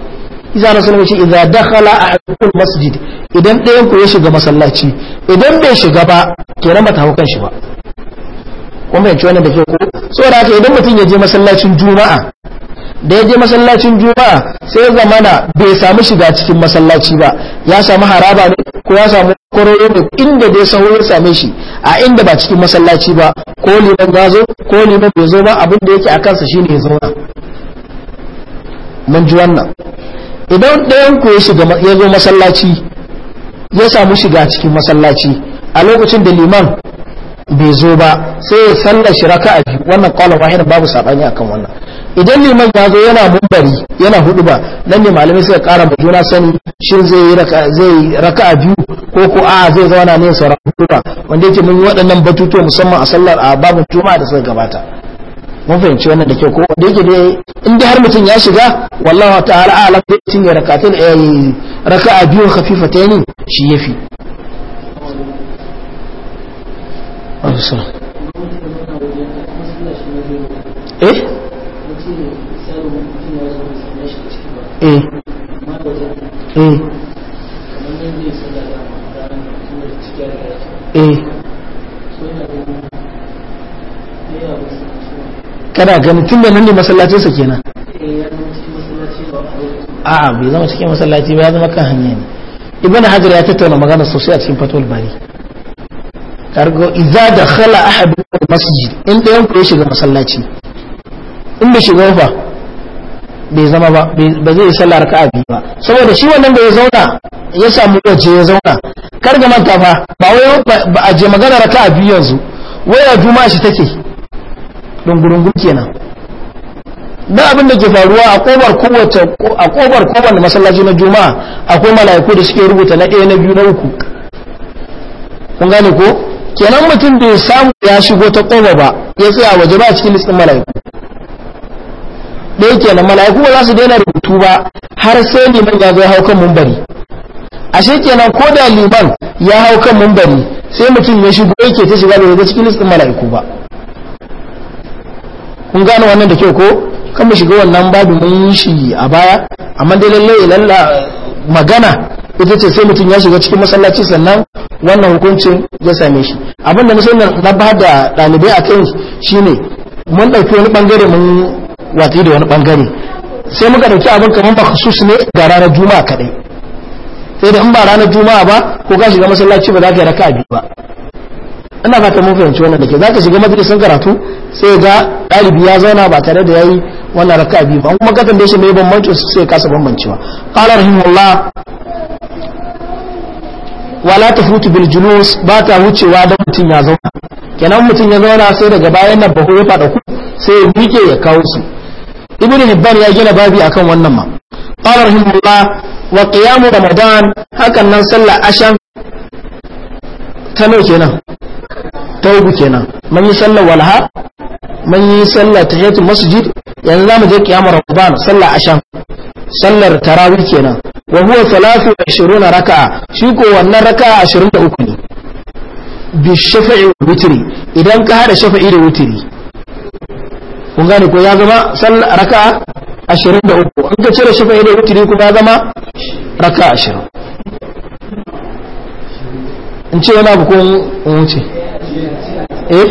iza na sunan shi idan dakhala a ayyukan masjid idan ɗayan ku ya shiga masallaci idan bai shiga ba ke ba ta shi ba kun fahimci wannan da ke ko saboda haka idan mutum ya je masallacin juma'a da ya je masallacin juma'a sai ya zamana bai samu shiga cikin masallaci ba ya samu haraba ne ko ya samu kororo ne inda dai sahu ya same shi a inda ba cikin masallaci ba ko liman gazo ko liman bai zo ba abin da yake a kansa shine ya zauna mun ji wannan idan ɗayan ku ya shiga ya zo masallaci ya samu shiga cikin masallaci a lokacin da liman bai zo ba sai ya sallar shi a biyu wannan kwallon wahid babu sabani akan wannan idan liman ya zo yana mumbari yana hudu ba nan ne malamai suka kara ba juna sani shin zai yi raka a biyu ko ko a zai zauna ne sauran hudu ba wanda yake mun yi waɗannan batutuwa musamman a sallar a babu juma'a da suka gabata mun fahimci wannan da kyau ko da yake dai in dai har mutum ya shiga wallahu ta'ala alam da mutum ya rakatun eh, raka'a biyu khafifatayn shi yafi eh eh eh eh kada ganin tun da nan ne sa kenan a'a bai zama cikin masallaci ba ya zama kan hanya ne ibn hajar ya tattauna magana sosai a cikin fatul bari kargo idza dakhala ahadu masjid in da yanku ya shiga masallaci in bai shiga fa bai zama ba ba zai sallar ka biyu ba saboda shi wannan da ya zauna ya samu waje ya zauna kar ga manta fa ba wai ba a je magana raka'a biyu yanzu waya juma'a shi take dungurungun kenan da abin da ke faruwa a kobar kowace a kobar da masallaci na juma'a akwai mala'iku da suke rubuta na ɗaya na biyu na uku kun gane ko kenan mutum da ya samu ya shigo ta koba ba ya tsaya waje ba cikin listin mala'iku Da yake nan mala'iku ba za su daina rubutu ba har sai liman ya zo ya hau kan mumbari ashe kenan ko da liman ya hau kan mumbari sai mutum ya shigo yake ta shiga da cikin listin mala'iku ba kun gane wannan da kyau ko kan mu shiga wannan babu mun shi a baya amma dai lalle lalla magana ita ce sai mutum ya shiga cikin masallaci sannan wannan hukuncin ya same shi abinda da na ba da ɗalibai a kan shine mun ɗauki wani ɓangare mun watsi da wani ɓangare sai muka ɗauki abin kamar ba khusus ne ga ranar juma'a kaɗai sai da in ba ranar juma'a ba ko ka shiga masallaci ba za ka yi raka'a biyu ba ina ta mun fahimci wannan da ke za ka shiga sun karatu sai ga ɗalibi ya zauna ba tare da ya yi wannan raka biyu ba kuma katon da shi mai su sai ya kasa bambancewa qala rahimullah wala ta bil julus ba ta wucewa da mutum ya zauna kenan mutum ya zauna sai daga bayan nan bahu ya fada ku sai ya ya kawo su ibnu hibban ya gina babi akan wannan ma qala rahimullah wa qiyamu ramadan hakan nan sallar ashan ta nau kenan ta uku kenan man yi sallar walha man yi sallar tahiyatul masjid yanzu zamu je kiyamar rabban sallar ashan sallar tarawih kenan wa huwa 23 raka'a shi ko wannan raka'a 23 ne bi shafa'i wa witri idan ka hada shafa'i da witri kun gane ko ya zama sallar raka'a 23 in ka cire shafa'i da witri kuma ya zama raka'a 20 in ce wani abu ko in wuce eh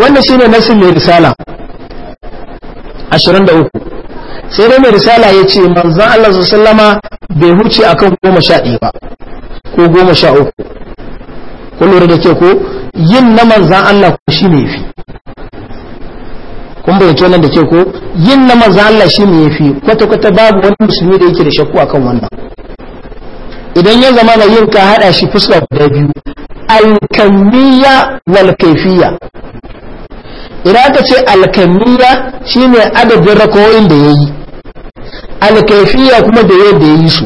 wannan shine nasin mai risala 23 sai dai mai risala ya ce manzan Allah su sallama bai huce a kan goma sha ɗaya ba ko goma sha uku ko lura da ke ko yin na manzan Allah ko shi ne fi kun bayyance nan da ke ko yin na manzan Allah shi ne fi kwata-kwata babu wani musulmi da yake da shakku akan wannan idan ya zama da yin ka hada shi fuskar da biyu alkamiya wal kaifiya idan aka ce alkamiya shine adadin rakoyin da ya yi alkaifiya kuma da yadda ya su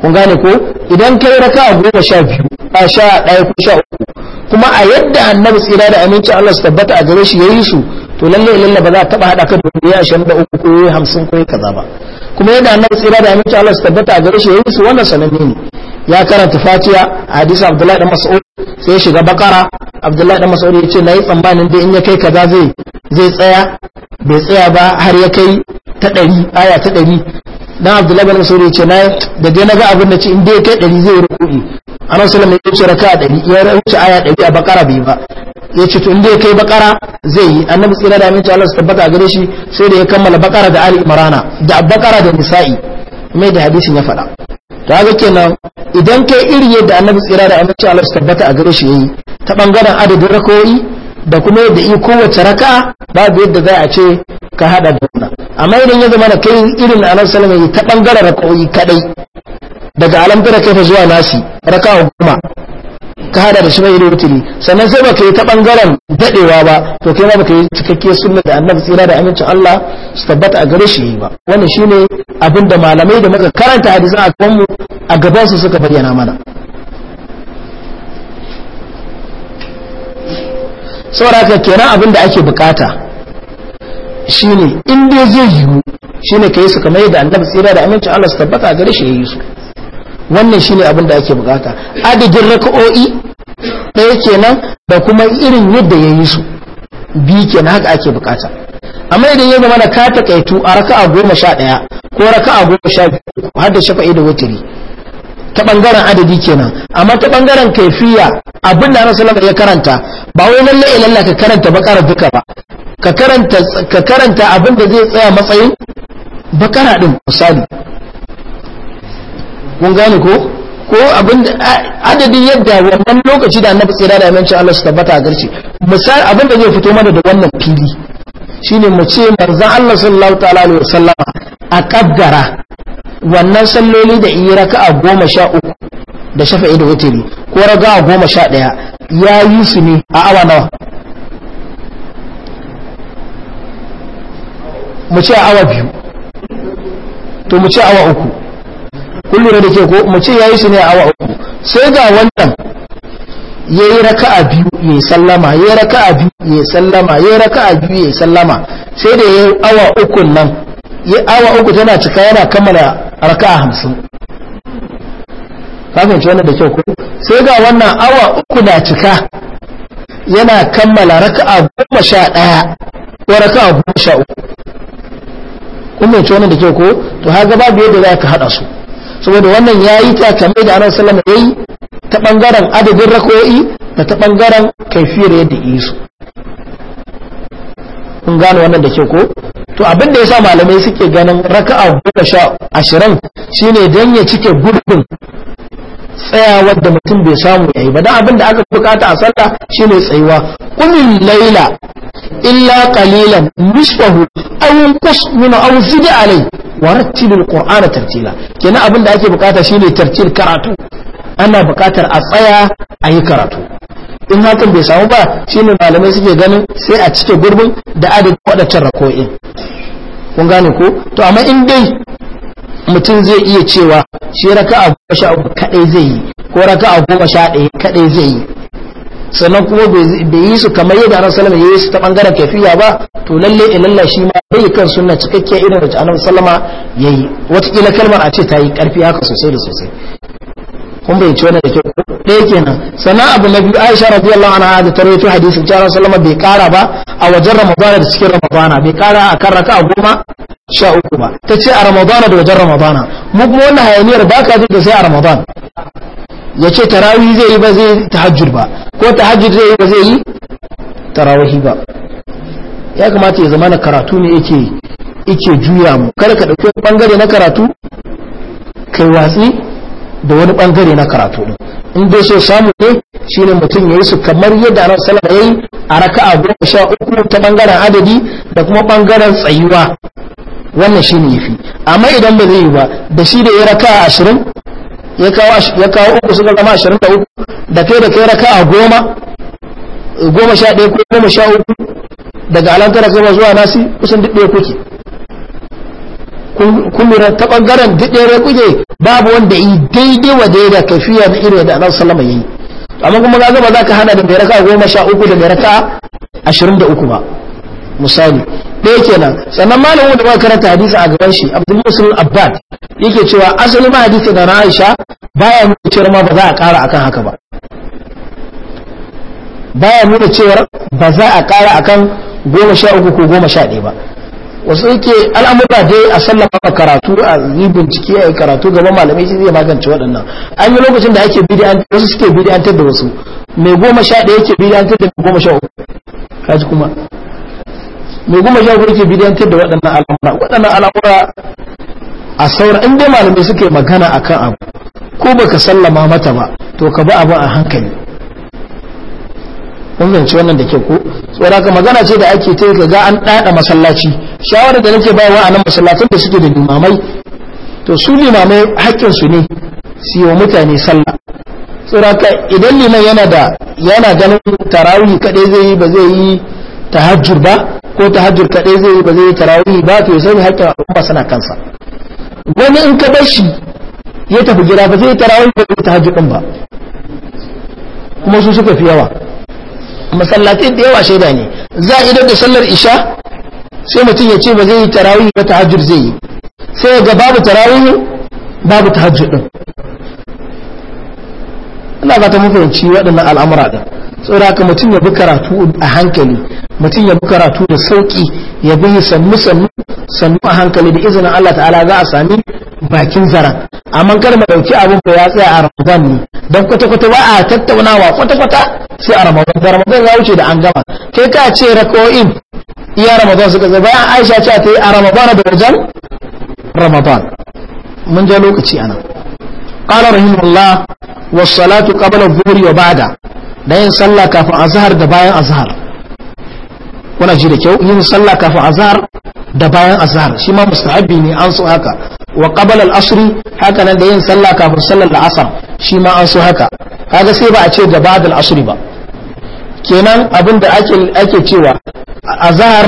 kun gane ko idan kai raka goma sha biyu a sha ɗaya ko sha uku kuma a yadda annabi tsira da aminci Allah su tabbata a gare shi ya yi su to lallai lalle ba za a taba hada ka da 23 ko 50 ko kaza ba kuma yadda annabi tsira da aminci Allah su tabbata gare shi yayin su wannan sanani ne ya karanta Fatiha hadisi Abdullahi dan Mas'ud sai shiga Bakara Abdullahi dan Mas'ud ya ce nayi tsammanin da in ya kai kaza zai zai tsaya bai tsaya ba har ya kai ta 100 aya ta 100 dan Abdullahi dan Mas'ud ya ce nayi da dai naga abin da ce in dai kai 100 zai ruku'i Annabi sallallahu alaihi wasallam ya ce raka'a 100 ya rukuci aya 100 a Bakara bai ba ya ce tun dai kai bakara zai yi annabi tsira da aminci Allah su tabbata gare shi sai da ya kammala bakara da ali imrana da bakara da nisa'i mai da hadisin ya faɗa to haka kenan idan kai iri yadda annabi tsira da aminci Allah su tabbata a gare shi yayi ta bangaren adadin rakoyi da kuma yadda in kowace raka'a babu yadda za a ce ka hada da wannan amma idan ya zama da kai irin annabi sallallahu alaihi wasallam ta bangaren rakoyi kadai daga alamtara kai fa zuwa nasi raka'a goma ka hada da shi mai da wuturi sannan sai baka yi ta bangaren dadewa ba to kai ma baka yi cikakke sunna da annabi tsira da amincin Allah su tabbata a gare shi ba wannan shine abin da malamai da muka karanta hadisi a kan mu a gaban su suka bayyana mana saboda kenan abin da ake bukata shine in dai zai yiwu shine kai su kamar yadda annabi tsira da amincin Allah su tabbata a gare shi yayi su wannan shine abin da ake bukata adadin raka'o'i ɗaya kenan da kuma irin yadda ya yi su biyu kenan haka ake bukata amma idan ya zama da ka takaitu a raka'a goma sha ɗaya ko raka'a goma sha biyu har da shafa'i da wutiri ta bangaren adadi kenan amma ta bangaren kaifiya abin da Annabi ya karanta ba wai lalle ilalla ka karanta bakara duka ba ka karanta ka karanta abin da zai tsaya matsayin bakara din misali kun gane ko ko abin adadin yadda wannan lokaci da annabi tsira da amincin Allah su tabbata a garci misali abin da zai fito mana da wannan fili shine mu ce manzon Allah sallallahu ta'ala alaihi wasallam a kaddara wannan salloli da yi raka'a goma sha uku da shafa'i da wutiri ko raka'a goma sha ɗaya ya yi su ne a awa nawa mu ce awa biyu to mu ce awa uku kullu da ce ko mu ce yayi su ne awa uku sai ga wannan yayi raka'a biyu yayi sallama yayi raka'a biyu yayi sallama yayi raka'a biyu yayi sallama sai da yayi awa uku nan ya awa uku tana cika yana kammala raka'a 50 kafin ce wannan da kyau ko sai ga wannan awa uku na cika yana kammala raka'a goma sha ɗaya ko raka'a goma sha uku kun mai ci wannan da kyau ko to haka babu yadda za ka haɗa su saboda wannan ya yi ta kamar da annabi sallallahu alaihi wasallam ta bangaren adadin rako'i da ta bangaren kaifiyar yadda yi su kun gano wannan da ke ko to abin da yasa malamai suke ganin raka'a goma sha shine dan ya cike gurbin tsayawar da mutum bai samu yayi ba dan abin da aka bukata a sallah shine tsayuwa qumil layla illa qalilan nisfahu aw yanqus min aw zid alai wa rattilil qur'ana tartila kenan abin da ake bukata shine tartil karatu ana bukatar a tsaya a yi karatu in hakan bai samu ba shine malamai suke ganin sai a cike gurbin da adadin waɗancan rako'in kun gane ko to amma in dai mutum zai iya cewa shi raka a goma sha uku kadai zai yi ko raka a goma sha ɗaya kaɗai zai yi sannan kuma bai yi su kamar yadda ana salama ya yi su ta bangaren kafiya ba to lalle ilalla eh, shi ma bai kan sunna cikakke irin da annabi sallama ya yi watakila kalmar a ce ta yi karfi haka sosai da sosai kun bayyance wannan da ke ɗaya kenan sannan abu na biyu aisha radiyallahu anha da tarwaito hadisin jara sallama bai kara ba a wajen ramadana da cikin ramadana bai kara a kan raka goma sha uku ba ta ce a ramadana da wajen ramadana mu kuma wannan hayaniyar ba ka da sai a ramadan ya ce tarawi zai yi ba zai yi tahajjud ba ko tahajjud zai yi ba zai yi tarawahi ba ya kamata ya zama na karatu ne yake yake juya mu kada ka ɗauki bangare na karatu kai watsi da wani bangare na karatu din in dai so samu ne shine mutum ya yi su kamar yadda annabi sallallahu alaihi yayi a raka'a goma sha uku ta bangaren adadi da kuma bangaren tsayuwa wannan shine yafi amma idan ba zai yi ba da shi da ya raka'a 20 ya kawo ya kawo uku suka zama 23 da kai da kai raka'a goma goma sha ɗaya ko goma sha uku daga alantar zuwa nasi kusan duk ɗaya kuke kullura ta bangaren dukere kuje babu wanda yi daidai wa daida kafiya da irin da annabi sallama yayi amma kuma ga gaba za ka hana da mai raka goma sha uku da mai raka ashirin da uku ba misali ɗaya kenan sannan malamin wanda ba karanta hadisi a gaban shi abdul musul abbad yake cewa asali ma hadisi da na aisha baya nuna cewa ma ba za a ƙara akan haka ba baya nuna cewa ba za a ƙara akan goma sha uku ko goma sha ɗaya ba wasu yake al'amura dai a sallama karatu a yi bincike a yi karatu gaba malamai shi zai magance waɗannan an yi lokacin da ake bidiyan wasu suke bidiyantar da wasu mai goma sha ɗaya ke bidiyantar da mai goma sha uku kaji kuma mai goma sha uku ke bidiyantar da waɗannan al'amura waɗannan al'amura a saura in dai malamai suke magana akan abu ko baka sallama mata ba to ka bi abin a hankali kun fahimci wannan da ke ko tsora ka magana ce da ake ta ga an ɗaɗa masallaci shawara da nake bayarwa a nan masallacin da suke da limamai to su limamai hakkin su ne su yi wa mutane sallah tsora ka idan liman yana da yana ganin tarawih kaɗai zai yi ba zai yi tahajjur ba ko tahajjur kaɗai zai yi ba zai yi tarawih ba to sai haƙƙin al'umma suna kansa wani in ka bar shi ya tafi gida ba zai yi tarawih ba zai yi tahajjur ba kuma su suka fi yawa masallatai da yawa shaida ne za a idar da sallar isha sai mutum ya ce ba zai yi tarawih ba tahajjud zai yi sai ga babu tarawih babu tahajjud ɗin. ina ba ta mafarci waɗannan al'amura ɗin saboda haka mutum ya bi karatu a hankali mutum ya bi karatu da sauki ya bi sannu sannu sannu a hankali da izinin Allah ta'ala za a sami bakin zara amma kar mu dauki abin da ya tsaya a Ramadan ne dan kwata kwata ba a tattaunawa kwata kwata sai a Ramadan da Ramadan ya wuce da an gama kai ka ce rako'in iya Ramadan suka zai bayan Aisha ce ta yi a Ramadan da wajen Ramadan mun ja lokaci ana قال رحمه الله والصلاة قبل الظهر وبعده da yin sallah kafin azhar da bayan azhar kuna ji da kyau yin sallah kafin azhar da bayan azhar shi ma musta'abi ne an so haka wa qabla al-asr haka nan da yin sallah kafin sallar al-asr shi ma an so haka kaga sai ba a ce da ba al-asr ba kenan abinda ake ake cewa azhar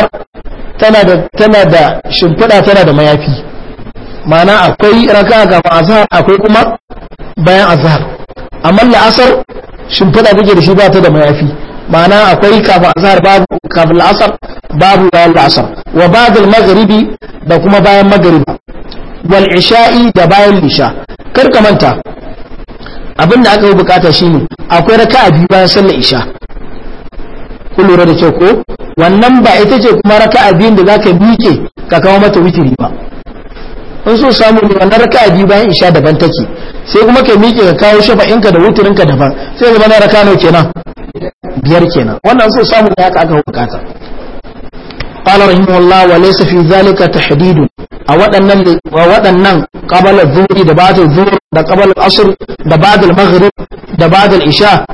tana da tana da shimfida tana da mayafi ma'ana akwai raka'a kafin azhar akwai kuma bayan azhar amma la'asar shimfiɗa kuke da shi ba ta da mayafi ma'ana akwai kafin azhar babu kafin la'asar babu bayan la'asar wa al maghribi da kuma bayan maghriba wal isha'i da bayan isha kar ka manta abin da aka yi bukata shine akwai raka'a biyu bayan sallar isha Ku lura da kyau ko wannan ba ita ce kuma raka'a biyu da zaka miƙe ka kawo mata witiri ba in so samu ne wannan raka'a biyu bayan isha daban take sai kuma kai miƙe ka kawo shafa'inka da wuturinka daban sai zama na raka nawa kenan biyar kenan wannan so samu ne haka aka bukata قال رحمه الله وليس في ذلك تحديد a waɗannan waɗannan qabala dhuhri da ba'd dhuhr da qabala asr da ba'd maghrib da ba'd isha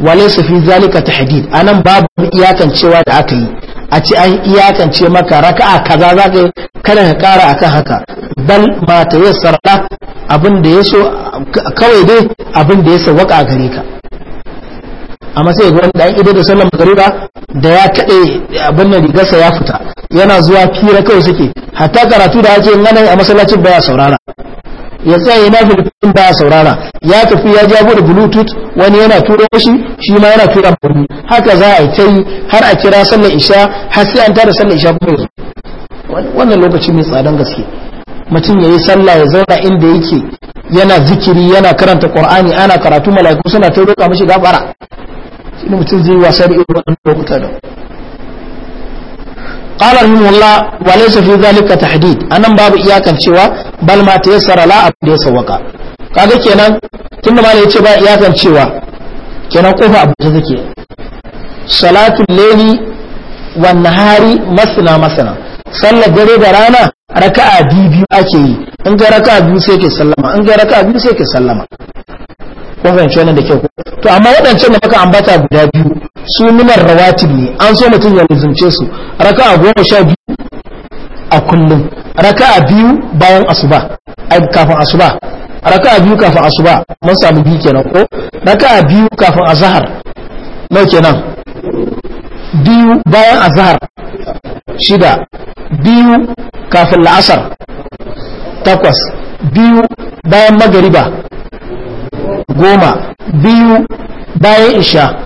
walaysa fi zalika tahdid anan babu iyakan cewa da aka yi a ci an iyakance maka raka'a kaza za ka kada ka kara akan haka bal ma ta yassara abin da ya kawai dai abin da ya sawaka a gare ka amma sai ga wanda dan ido da sallan magariba da ya kade abin da rigarsa ya fita yana zuwa fira kawai suke hatta karatu da ake nan a masallacin baya saurara ya tsaya ya nafi ba a saurara ya tafi ya jago da bluetooth wani yana tura shi shi ma yana tura bari haka za a yi ta har a kira sallar isha har sai an tada sallar isha kuma yanzu wannan lokaci mai tsadan gaske mutum ya yi sallah ya zauna inda yake yana zikiri yana karanta qur'ani ana karatu mala'iku suna ta roƙa mishi gafara shi mutum zai wasa da irin wannan lokuta da قال رحمه الله وليس في ذلك تحديد أنا باب إياك cewa بل ما تيسر لا أبدا يسوق kaga kenan tunda ma yace ba iyakan cewa kenan kofa abu ta take salatul layli wan nahari masna masna sallar dare da rana raka'a biyu ake yi in ga raka'a biyu sai ke sallama in ga raka'a biyu sai ke sallama kun fahimci wannan da kyau to amma waɗancan da muka ambata guda biyu su minar rawatib ne an so mutum ya lizumce su raka'a goma sha biyu a kullum raka'a biyu bayan asuba kafin asuba raka'a biyu kafin asuba mun samu biyu kenan ko raka'a biyu kafin azhar nau kenan biyu bayan azhar shida biyu kafin la'asar takwas biyu bayan magariba goma biyu bayan isha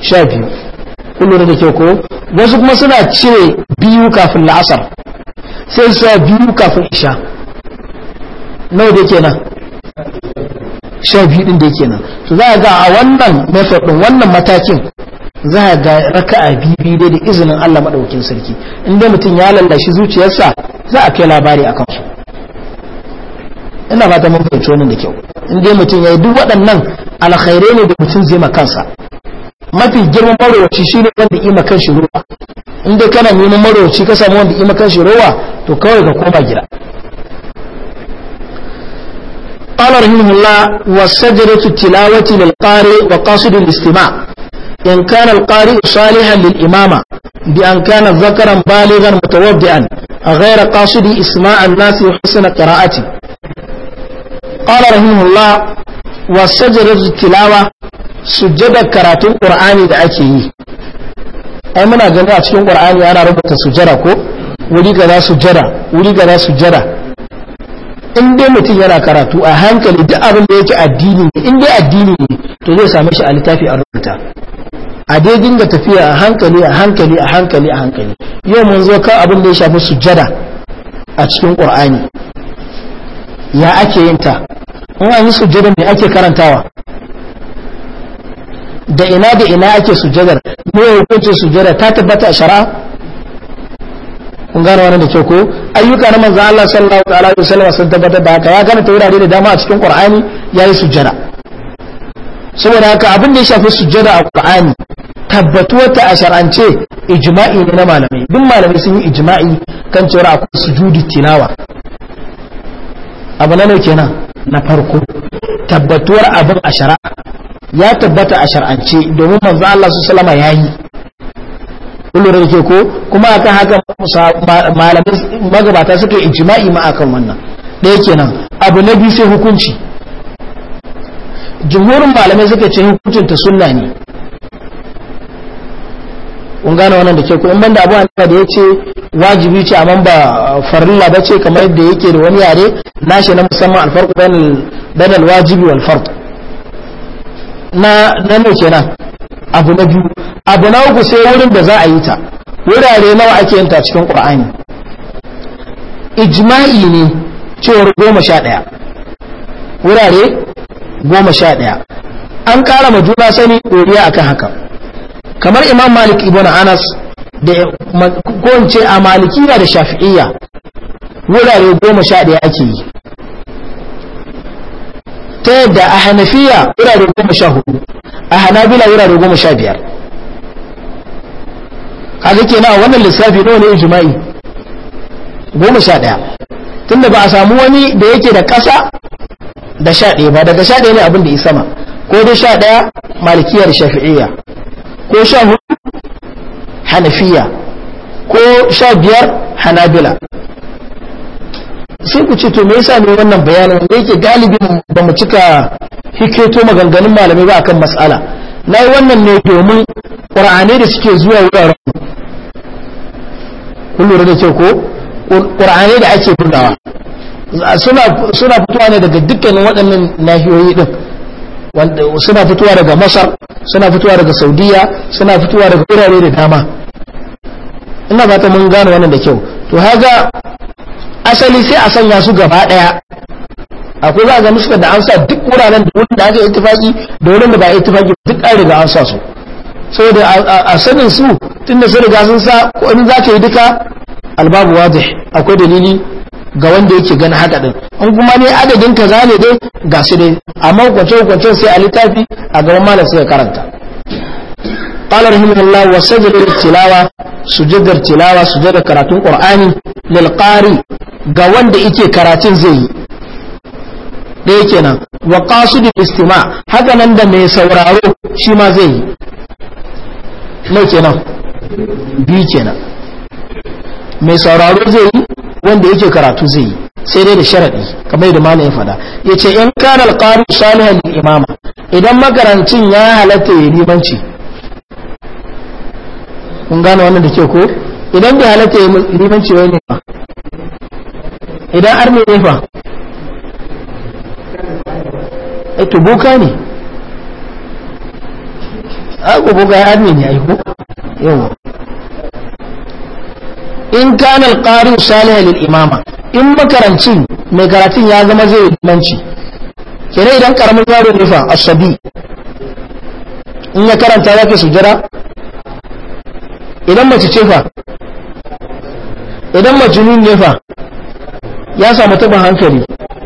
sha biyu kullum da ke ko wasu kuma suna cire biyu kafin la'asar sai sha biyu kafin isha nau da ke nan sha biyu din da ke nan su za a ga a wannan mafaɗin wannan matakin za a ga raka a bibi dai da izinin allah maɗaukin sarki inda mutum ya lallashi zuciyarsa za a kai labari a kansu ina fata mun fahimci wannan da kyau in dai mutum ya yi duk waɗannan alkhairai ne da mutum zai makansa mafi girman marowaci shi ne wanda ima kan shi ruwa in dai kana neman marowaci ka samu wanda ima kan shi ruwa to kawai ka koma gida قال رحمه الله والسجرة التلاوة للقارئ وقاصد الاستماع إن كان القارئ صالحا للإمامة بأن كان ذكرا بالغا متوضئا غير قاصد إسماع الناس وحسن قراءته qala rahimahullah wa sajadatu tilawa sujjada karatun qur'ani da ake yi ai muna ganin a cikin Kur'ani ana rubuta sujada ko wuri kaza sujjada wuri kaza sujjada in dai mutum yana karatu a hankali duk abin da yake addini ne in dai addini ne to zai same shi a littafi a rubuta a dai dinga tafiya a hankali a hankali a hankali a hankali yau mun zo kan abin da ya shafi sujada a cikin qur'ani ya ake yin ta in an yi sujjada me ake karantawa da ina da ina ake sujjadar me hukuncin sujjada ta tabbata a shari'a kun wannan da kyau ko ayyuka na manzo Allah sallallahu alaihi wasallam sun tabbatar da haka ya gane ta wurare da dama a cikin Qur'ani yayi sujjada saboda haka abin da ya shafi sujjada a Qur'ani tabbatuwar ta a shar'ance ijma'i ne na malamai duk malamai sun yi ijma'i kan cewa akwai sujudi tilawa abu na kenan na farko tabbatuwar abin a shari'a ya tabbata a shar'ance domin manzo Allah su salama yayi kullure da ke ko kuma akan haka malamin magabata suke jima'i ma akan wannan ɗaya kenan abu na biyu sai hukunci jumhurin malamai suka ce hukuncin ta sunna ne kun gane wannan da ke ku. in banda abu hanifa da ya ce wajibi ce amma ba farilla ba ce kamar yadda yake da wani yare nashi na musamman alfarku bainal wajibi wal fard na nan ne kenan abu na biyu abu na uku sai wurin da za a yi ta wurare nawa ake yin ta cikin qur'ani ijma'i ne cewar goma sha ɗaya wurare goma sha ɗaya an ƙara ma juna sani ɗoriya akan haka kamar imam malik ibn anas da ce a malikiya da shafi'iyya wurare goma sha ɗaya ake yi ta yadda a hanafiya wurare goma sha hudu a hanabila wurare goma sha biyar kaga kenan na wannan lissafi nawa ne ijma'i goma sha ɗaya tunda ba a samu wani da yake da ƙasa da sha ɗaya ba daga sha ɗaya ne abin da ya sama ko da sha ɗaya malikiyar shafi'iyya ko sha hudu hanafiya ko sha biyar hanabila sai ku ce to me yasa ne wannan bayanin da yake galibi ba mu cika hiketo maganganun malamai ba akan mas'ala na wannan ne domin ƙur'anai da suke zuwa wuraren kun lura da kyau ko ƙur'anai da ake bugawa suna fitowa ne daga dukkanin waɗannan nahiyoyi ɗin suna fitowa daga masar suna fitowa daga saudiya suna fitowa daga wurare da dama ina fata mun gano wannan da kyau to haga asali sai a sanya su gaba daya akwai za a ga musu da an sa duk wuraren da wurin da aka yi da wurin da ba yi ittifaki duk an riga an sa su saboda a sanin su tunda sun riga sun sa in za ka yi duka albabu wadih akwai dalili ga wanda yake gani haka din in kuma ne adadin ka zane dai ga su dai amma kwace kwace sai a littafi a gaban malam suka karanta قال رحمه الله وسجد التلاوة سجد التلاوة سجد karatun lil qari ga wanda yake karatun zai yi dai kenan wa qasidu istima haka nan da mai sauraro shi ma zai yi mai kenan bi kenan mai sauraro zai yi wanda yake karatu zai yi sai dai da sharadi kamar da malamin fada faɗa yace in kana alqari salihan lil imama idan makarantin ya halatta ya limanci kun gane wannan da ke ko idan bai halatta ya limanci wai ne ba idan arme ne fa ai eh, to boka ne ai boka ya arme ne ai ko yawa in kana alqari salih lil imama in makarancin mai karatun ya zama zai limanci kire idan karamin yaro ne fa asabi in ya karanta ya zaka sujjara idan mace ce fa idan majnun ne fa ya samu taɓin hankali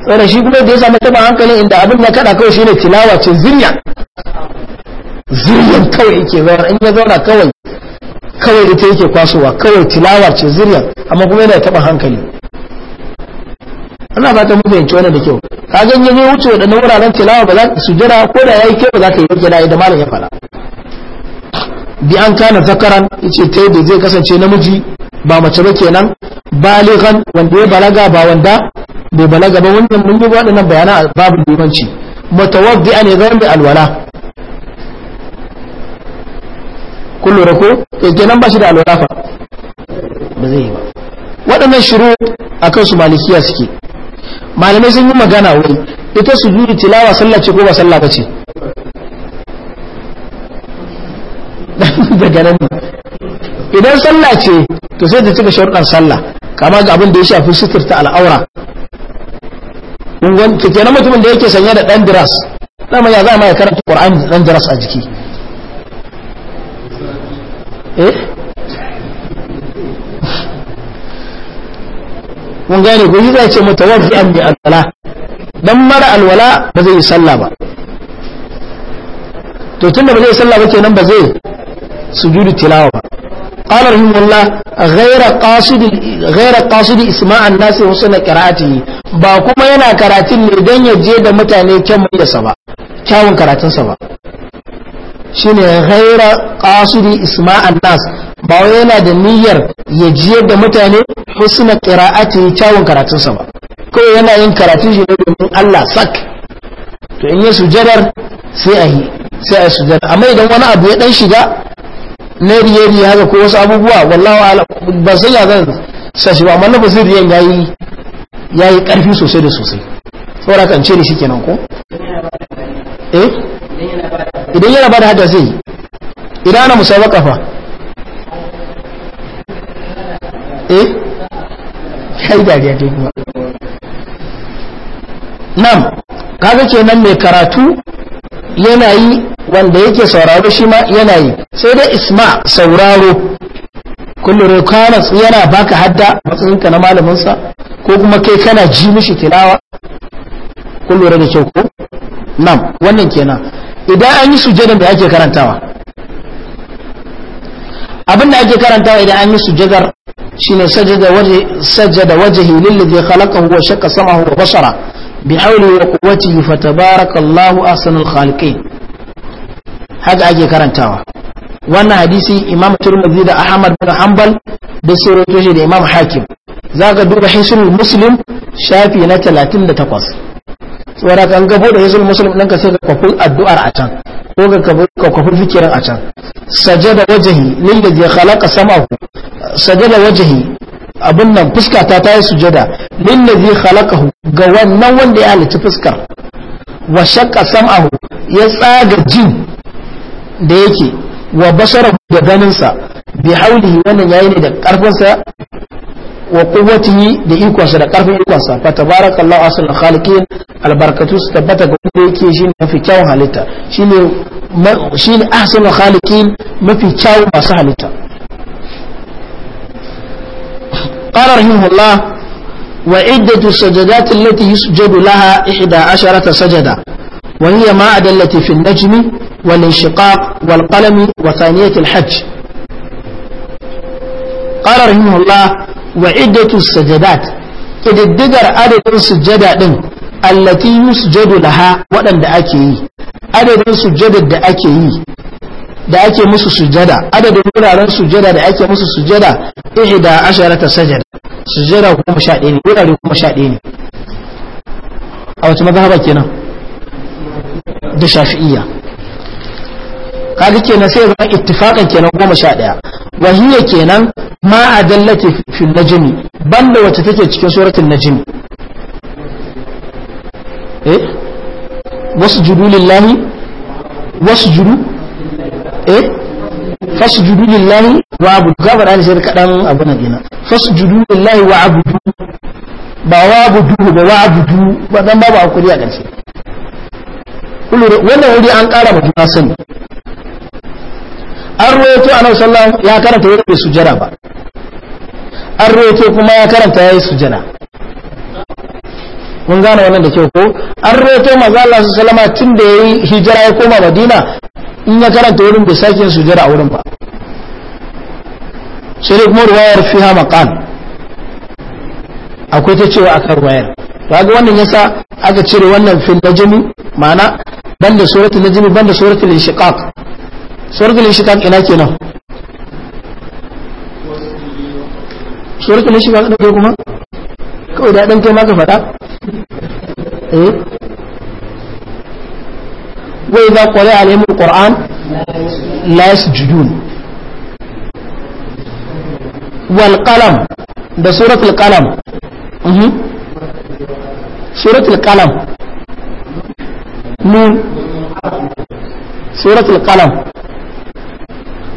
wanda shi kuma da ya samu taɓin hankali inda abin ya kada kawai shine tilawa ce zirya ziryan kawai yake zauna in ya zauna kawai kawai ita yake kwasowa kawai tilawa ce zirya amma kuma yana taɓa hankali ana fata mutum fahimci wannan da kyau ka ga yi wuce nan wuraren tilawa ba za ka jira, ko da yayi kyau ba za ka yi yi idan malam ya fara bi an kana zakaran yace ta yadda zai kasance namiji ba mace ba kenan baligan wanda ya balaga ba wanda bai balaga ba wannan mun yi waɗannan bayanan a babin limanci mutawaddi an yazan mai alwala kullu lura ko to eh, kenan ba shi da alwafa fa ba zai yi ba waɗannan shiru akan su malikiya suke malamai sun yi magana wai ita su yi tilawa sallah ce ko ba sallah ba ce daga nan idan sallah ce to sai ta cika shawarar sallah kama ga abin da ya shafi suturta al'aura kenan mutumin da yake sanya da ɗan diras dama ya za ma ya karanta ƙwar'an ɗan diras a jiki eh mun gane ko yi zai ce mutawaffi an bi alwala dan mara alwala ba zai yi sallah ba to tunda ba zai sallah ba kenan ba zai sujudu tilawa ba قال رحمه الله غير قاصد غير قاصد اسماع الناس وسن قراءته ba kuma yana karatun ne don ya je da mutane kyan mai ba kyawun karatun ba shine ghaira qasidi isma'an nas ba wai yana da niyyar ya jiyar da mutane husna qira'ati karatun sa ba ko yana yin karatun shi ne domin Allah sak to in ya sujadar sai a yi sai a sujada amma idan wani abu ya dan shiga na riye riye haka ko wasu abubuwa wallahi ala ba sai ya zan sashi ba amma na basirin yayi yayi karfi sosai da sosai saboda kan ce ni shikenan ko eh idan yana bada hada zai idan ana musabaka fa eh kai dariya dai kuma nan kaga kenan mai karatu yana yi wanda yake sauraro shi ma yana yi sai dai isma sauraro kullum kanas yana baka hadda matsayinka na malaminsa ko kuma kai kana ji mishi tilawa kullum da kyau ko wannan kenan idan an yi sujada da ake karantawa abin da ake karantawa idan an yi sujadar shine sajada waje sajada da zai halaka huwa shakka samahu wa basara bi hawlihi wa quwwatihi fatabarakallahu ahsanul khaliqin haka ake karantawa wannan hadisi imam turmudi da ahmad bin hanbal da surutu shi da imam hakim zaka duba hisul muslim shafi na 38 saboda ka gabo da yasul muslim ɗanka sai ka kwafi addu'ar a can ko ka kwafi fikirin a can da wajahi lillazi khalaqa sam'ahu da wajahi abin nan fuska ta ta yi sujada lillazi khalaqahu ga wannan wanda ya halitta fuskar wa shaqqa sam'ahu ya tsaga jin da yake wa basara da ganinsa bi haulihi wannan yayi ne da karfinsa وقوته لإيكوا سر قرف إيكوا فتبارك الله أصل الخالقين البركة تثبت بكي شين ما في تاو حالتا شين أحسن الخالقين ما في تاو بس حالتا قال رحمه الله وعدة السجدات التي يسجد لها إحدى عشرة سجدة وهي ما عدا التي في النجم والانشقاق والقلم وثانية الحج قال رحمه الله wa iddatu sajadat kididdigar adadin sujada din allati yusjadu laha waɗanda ake yi adadin sujada da ake yi da ake musu sujada adadin wuraren sujada da ake musu sujjada ihda asharata sajada sujada kuma sha ɗaya ne wurare kuma sha ɗaya ne a wata mazhaba kenan da shafi'iyya kaga kenan sai zama ittifaqan kenan goma sha ɗaya wa hiya kenan ma adallati fi najmi banda wacce take cikin suratul najm eh wasjudu lillahi wasjudu eh fasjudu lillahi wa abudu gabar an sai kadan abu na dina fasjudu lillahi wa abudu ba wa abudu ba wa abudu ba dan babu akuri a ƙarshe wannan wuri an ƙara ma sani an ruwaito a sallam ya karanta ya sujada ba an ruwaito kuma ya karanta ya yi sujada mun gane wannan da kyau ko an ruwaito manzo Allah sallama tun da yayi hijira ya koma Madina in ya karanta wurin bai sake yin sujada a wurin ba sai kuma ruwayar fiha maqam akwai ta cewa akan ruwayar kaga wannan yasa aka cire wannan fil najmi mana banda suratul najmi banda suratul inshiqaq suratul ishqaq ina kenan suratul ishqaq da kuma kawai da dan kai ma ka faɗa eh wa idza qala alaihim alquran la yasjudun wal da suratul kalam mhm. suratul nun suratul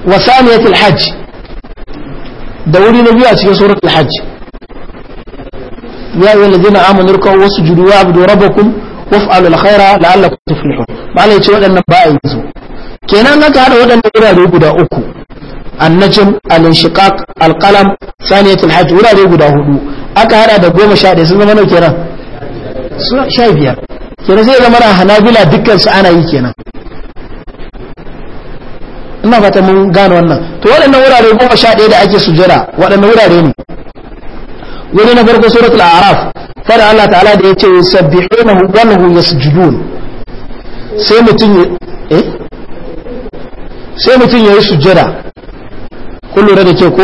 wa saniyatul hajj da wuri na biyu a cikin suratul hajj ya yi ladina amanu rukun wasu judu wa abdu rabbakum waf'alu alkhaira la'allakum tuflihun ba la yace waɗannan ba a yi su kenan aka hada waɗannan wurare guda uku annajm al-inshiqaq al-qalam saniyatul hajj wurare guda hudu aka hada da goma sha ɗaya sun zama kenan sha biyar kenan sai zama na hanabila dukkan su ana yi kenan ina fata mun gane wannan to waɗannan wurare goma sha ɗaya da ake sujjada waɗannan wurare ne Wani na farko suratul a'raf fara Allah ta'ala da yace yusabbihuna wa lahu yasjudun sai mutun ya eh sai mutun yayi sujjada kun lura da ke ko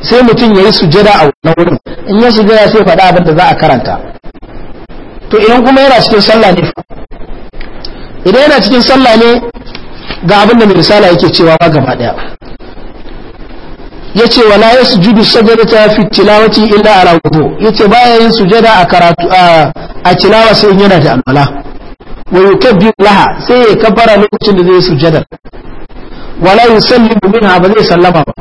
sai mutun yayi sujjada a wannan wurin in ya sujjada sai faɗa abin da za a karanta to idan kuma yana cikin sallah ne idan yana cikin sallah ne ga abin da mai risala yake cewa ba gaba daya ce, wala ya sajada ta fi tilawati illa ala wudu yace baya yin sujada a karatu a tilawa sai yana da alwala wa yukabbiru laha sai ya kabbara lokacin da zai sujada wala yusallimu minha ba zai sallama ba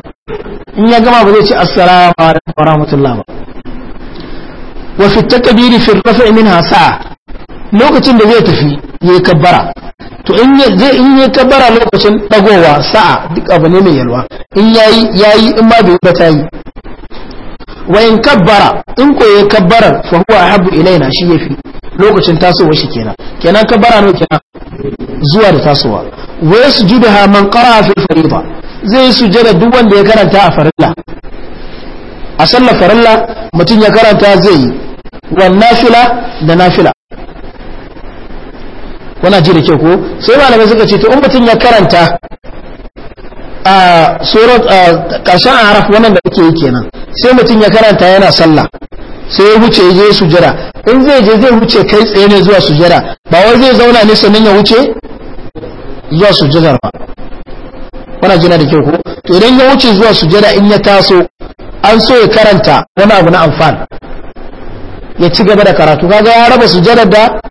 in ya gama ba zai ce assalamu alaikum wa rahmatullah ba wa fi takbiri fi rafa'i minha sa'a lokacin da zai tafi ya yi kabbara to in zai in yi kabbara lokacin dagowa sa'a duk abu ne mai yalwa in yayi yayi in ma bai ba ta yi wa in kabbara in ko ya kabbarar fa huwa habu ilaina shi yafi lokacin tasowa shi kenan kenan kabbara ne kenan zuwa da tasowa wa yasjuduha man qara fi fariida zai sujada duk wanda ya karanta a farilla a sallar farilla mutum ya karanta zai yi wa nafila da nafila kuna ji da kyau ko sai malamai suka ce to in mutum ya karanta a surat karshen araf wannan da yake yi kenan sai mutum ya karanta yana sallah sai ya wuce ya je sujada in zai je zai wuce kai tsaye ne zuwa sujada ba wai zai zauna ne sannan ya wuce zuwa ba kuna jina da kyau ko to idan ya wuce zuwa sujada in ya taso an so ya karanta wani abu na amfan ya ci gaba da karatu kaga ya raba sujada da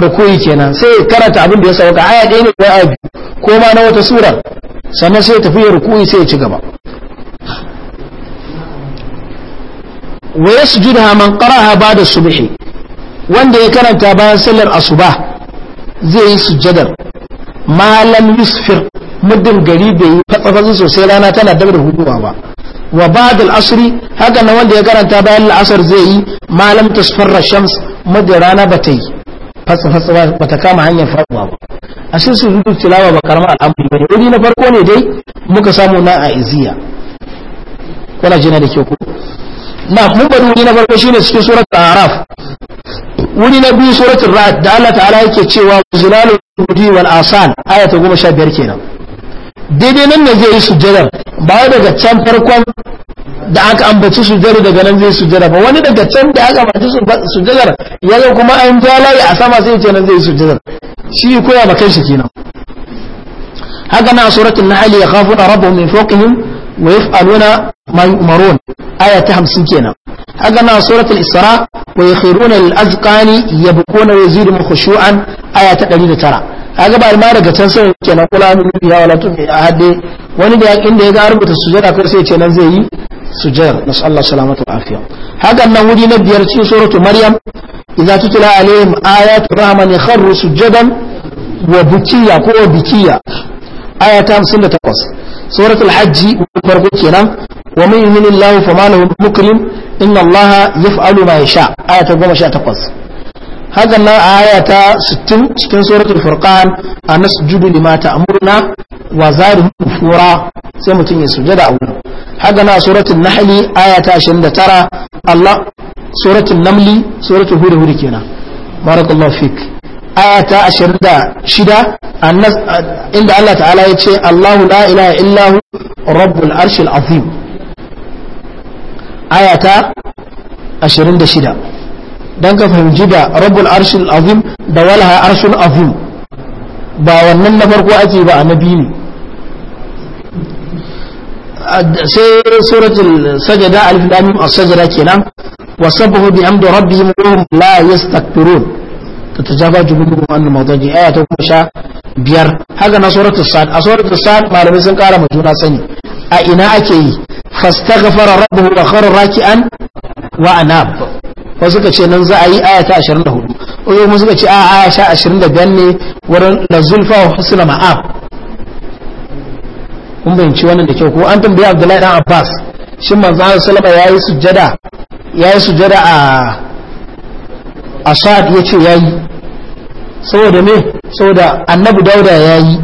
rukuyi kenan sai ya karanta abin da ya sauka aya ɗaya ne ko aya biyu ko ma na wata sura sannan sai ya tafi ya rukuyi sai ya ci gaba wa yasjuduha man qara'aha ba'da subhi wanda ya karanta bayan sallar asuba zai yi sujjadar malam yusfir muddin gari bai yi fatsafatsi sosai rana tana dabar da huduwa ba wa ba'da asri haka na wanda ya karanta bayan la'asar zai yi malam tasfarra shams muddin rana ba ta yi fasa fasa ba ta kama hanyar faɗuwa ba ashe su rudu tilawa ba karamar al'amari ba ne wuri na farko ne dai muka samu na a iziya kuna jina da ke ku na mun bari wuri na farko shi shine cikin surat araf Wani na biyu surat ra'd da Allah ta'ala yake cewa zulalul hudi wal asal goma sha biyar kenan daidai nan ne zai yi sujjadar ba daga can farkon da aka ambaci sujjadar daga nan zai sujjadar ba wani daga can da aka ambaci sujjadar ya zo kuma an ja a sama sai ce nan zai sujjadar shi koya ma kanshi kenan haka na suratul nahl ya khafuna rabbuhum min fawqihim wa yaf'aluna ma yu'marun aya ta 50 kenan haka na suratul isra wa yakhruna lil azqani yabquna wa yazidu khushu'an aya ta 109 kaga ba ma daga can sai kenan kula min biya wala tu bi ahadi wani da yakin da yaga rubuta sujada kar sai ce nan zai yi sujjar nasu Allah salamatu wa afiya hakan nan wuri na biyar cikin suratu maryam idza tutla alaihim ayatu rahmani kharru sujjadan wa bukiya ko bikiya aya ta 58 suratul hajji farko kenan wa man yu'minu fa ma lahu mukrim inna allaha yaf'alu ma yasha aya ta 18 haka nan aya ta 60 cikin suratul furqan anasjudu lima ta'muruna wa zaru fura sai mutum ya sujada a wurin haka nan suratul nahli aya ta 29 Allah suratul namli suratul hudhud kenan barakallahu fik aya ta 26 annas inda Allah ta'ala ya ce Allahu la ilaha illa hu rabbul arshil azim aya don ka fahimci da rabbul arshil azim da walaha arshil azim ba wannan na farko ake ba a na biyu sai suratul sajada alif lamim as-sajada kenan wa sabbahu bi amdi rabbihim wa hum la yastakbirun tatajaba junubuhum an mawdaji aya ta kuma sha biyar haka na suratul sad a suratul sad malamai sun kara juna sani a ina ake yi fastaghfara rabbuhu wa khara raki'an wa anab wasu ka ce nan za a yi aya ta 24 wasu kuma suka ce a aya ta 25 ne wurin la zulfa wa husna ma'ab kun bayanci wannan da kyau ko an tambaye Abdullahi dan Abbas shin manzo Allah ya yayi sujjada yayi sujjada a Asad yace yayi saboda me saboda Annabi Dauda yayi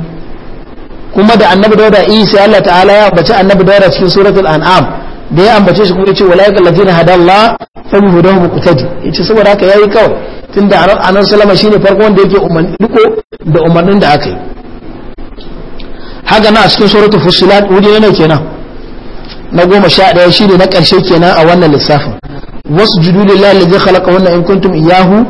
kuma da Annabi Dauda Isa Allah ta'ala ya bace Annabi Dauda cikin suratul an'am da ya ambace shi kuma yace walaika allazina hadallah fa bi hudahu muqtadi yace saboda haka yayi kawai tunda anan salama shine farko wanda yake umarni duko da umarnin da aka yi haka na a cikin suratul fusilat wuri ne kenan na goma sha ɗaya shi ne na ƙarshe kenan a wannan lissafin wasu judu lillahi lalzai khalaqa wannan in kuntum iyahu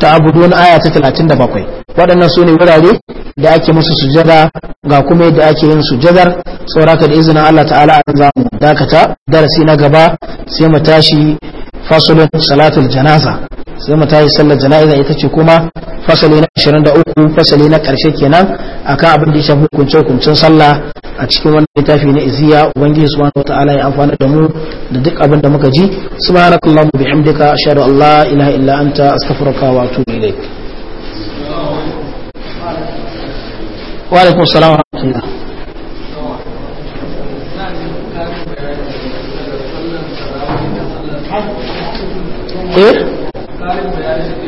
ta'abudun aya ta 37 waɗannan sune wurare da ake musu sujada ga kuma yadda ake yin sujadar tsoraka da izinin Allah ta'ala an zamu dakata darasi na gaba sai mu tashi fasalin salatul janaza sai mu tayi sallar janaza ita ce kuma fasali na 23 fasali na karshe kenan akan abin da ya shafi hukunce hukuncin sallah a cikin wannan littafi na iziya ubangiji subhanahu wataala ya amfana da mu da duk abin da muka ji subhanakallahumma bihamdika ashhadu an la ilaha illa anta astaghfiruka wa atubu ilaik wa alaikum assalam wa rahmatullah eh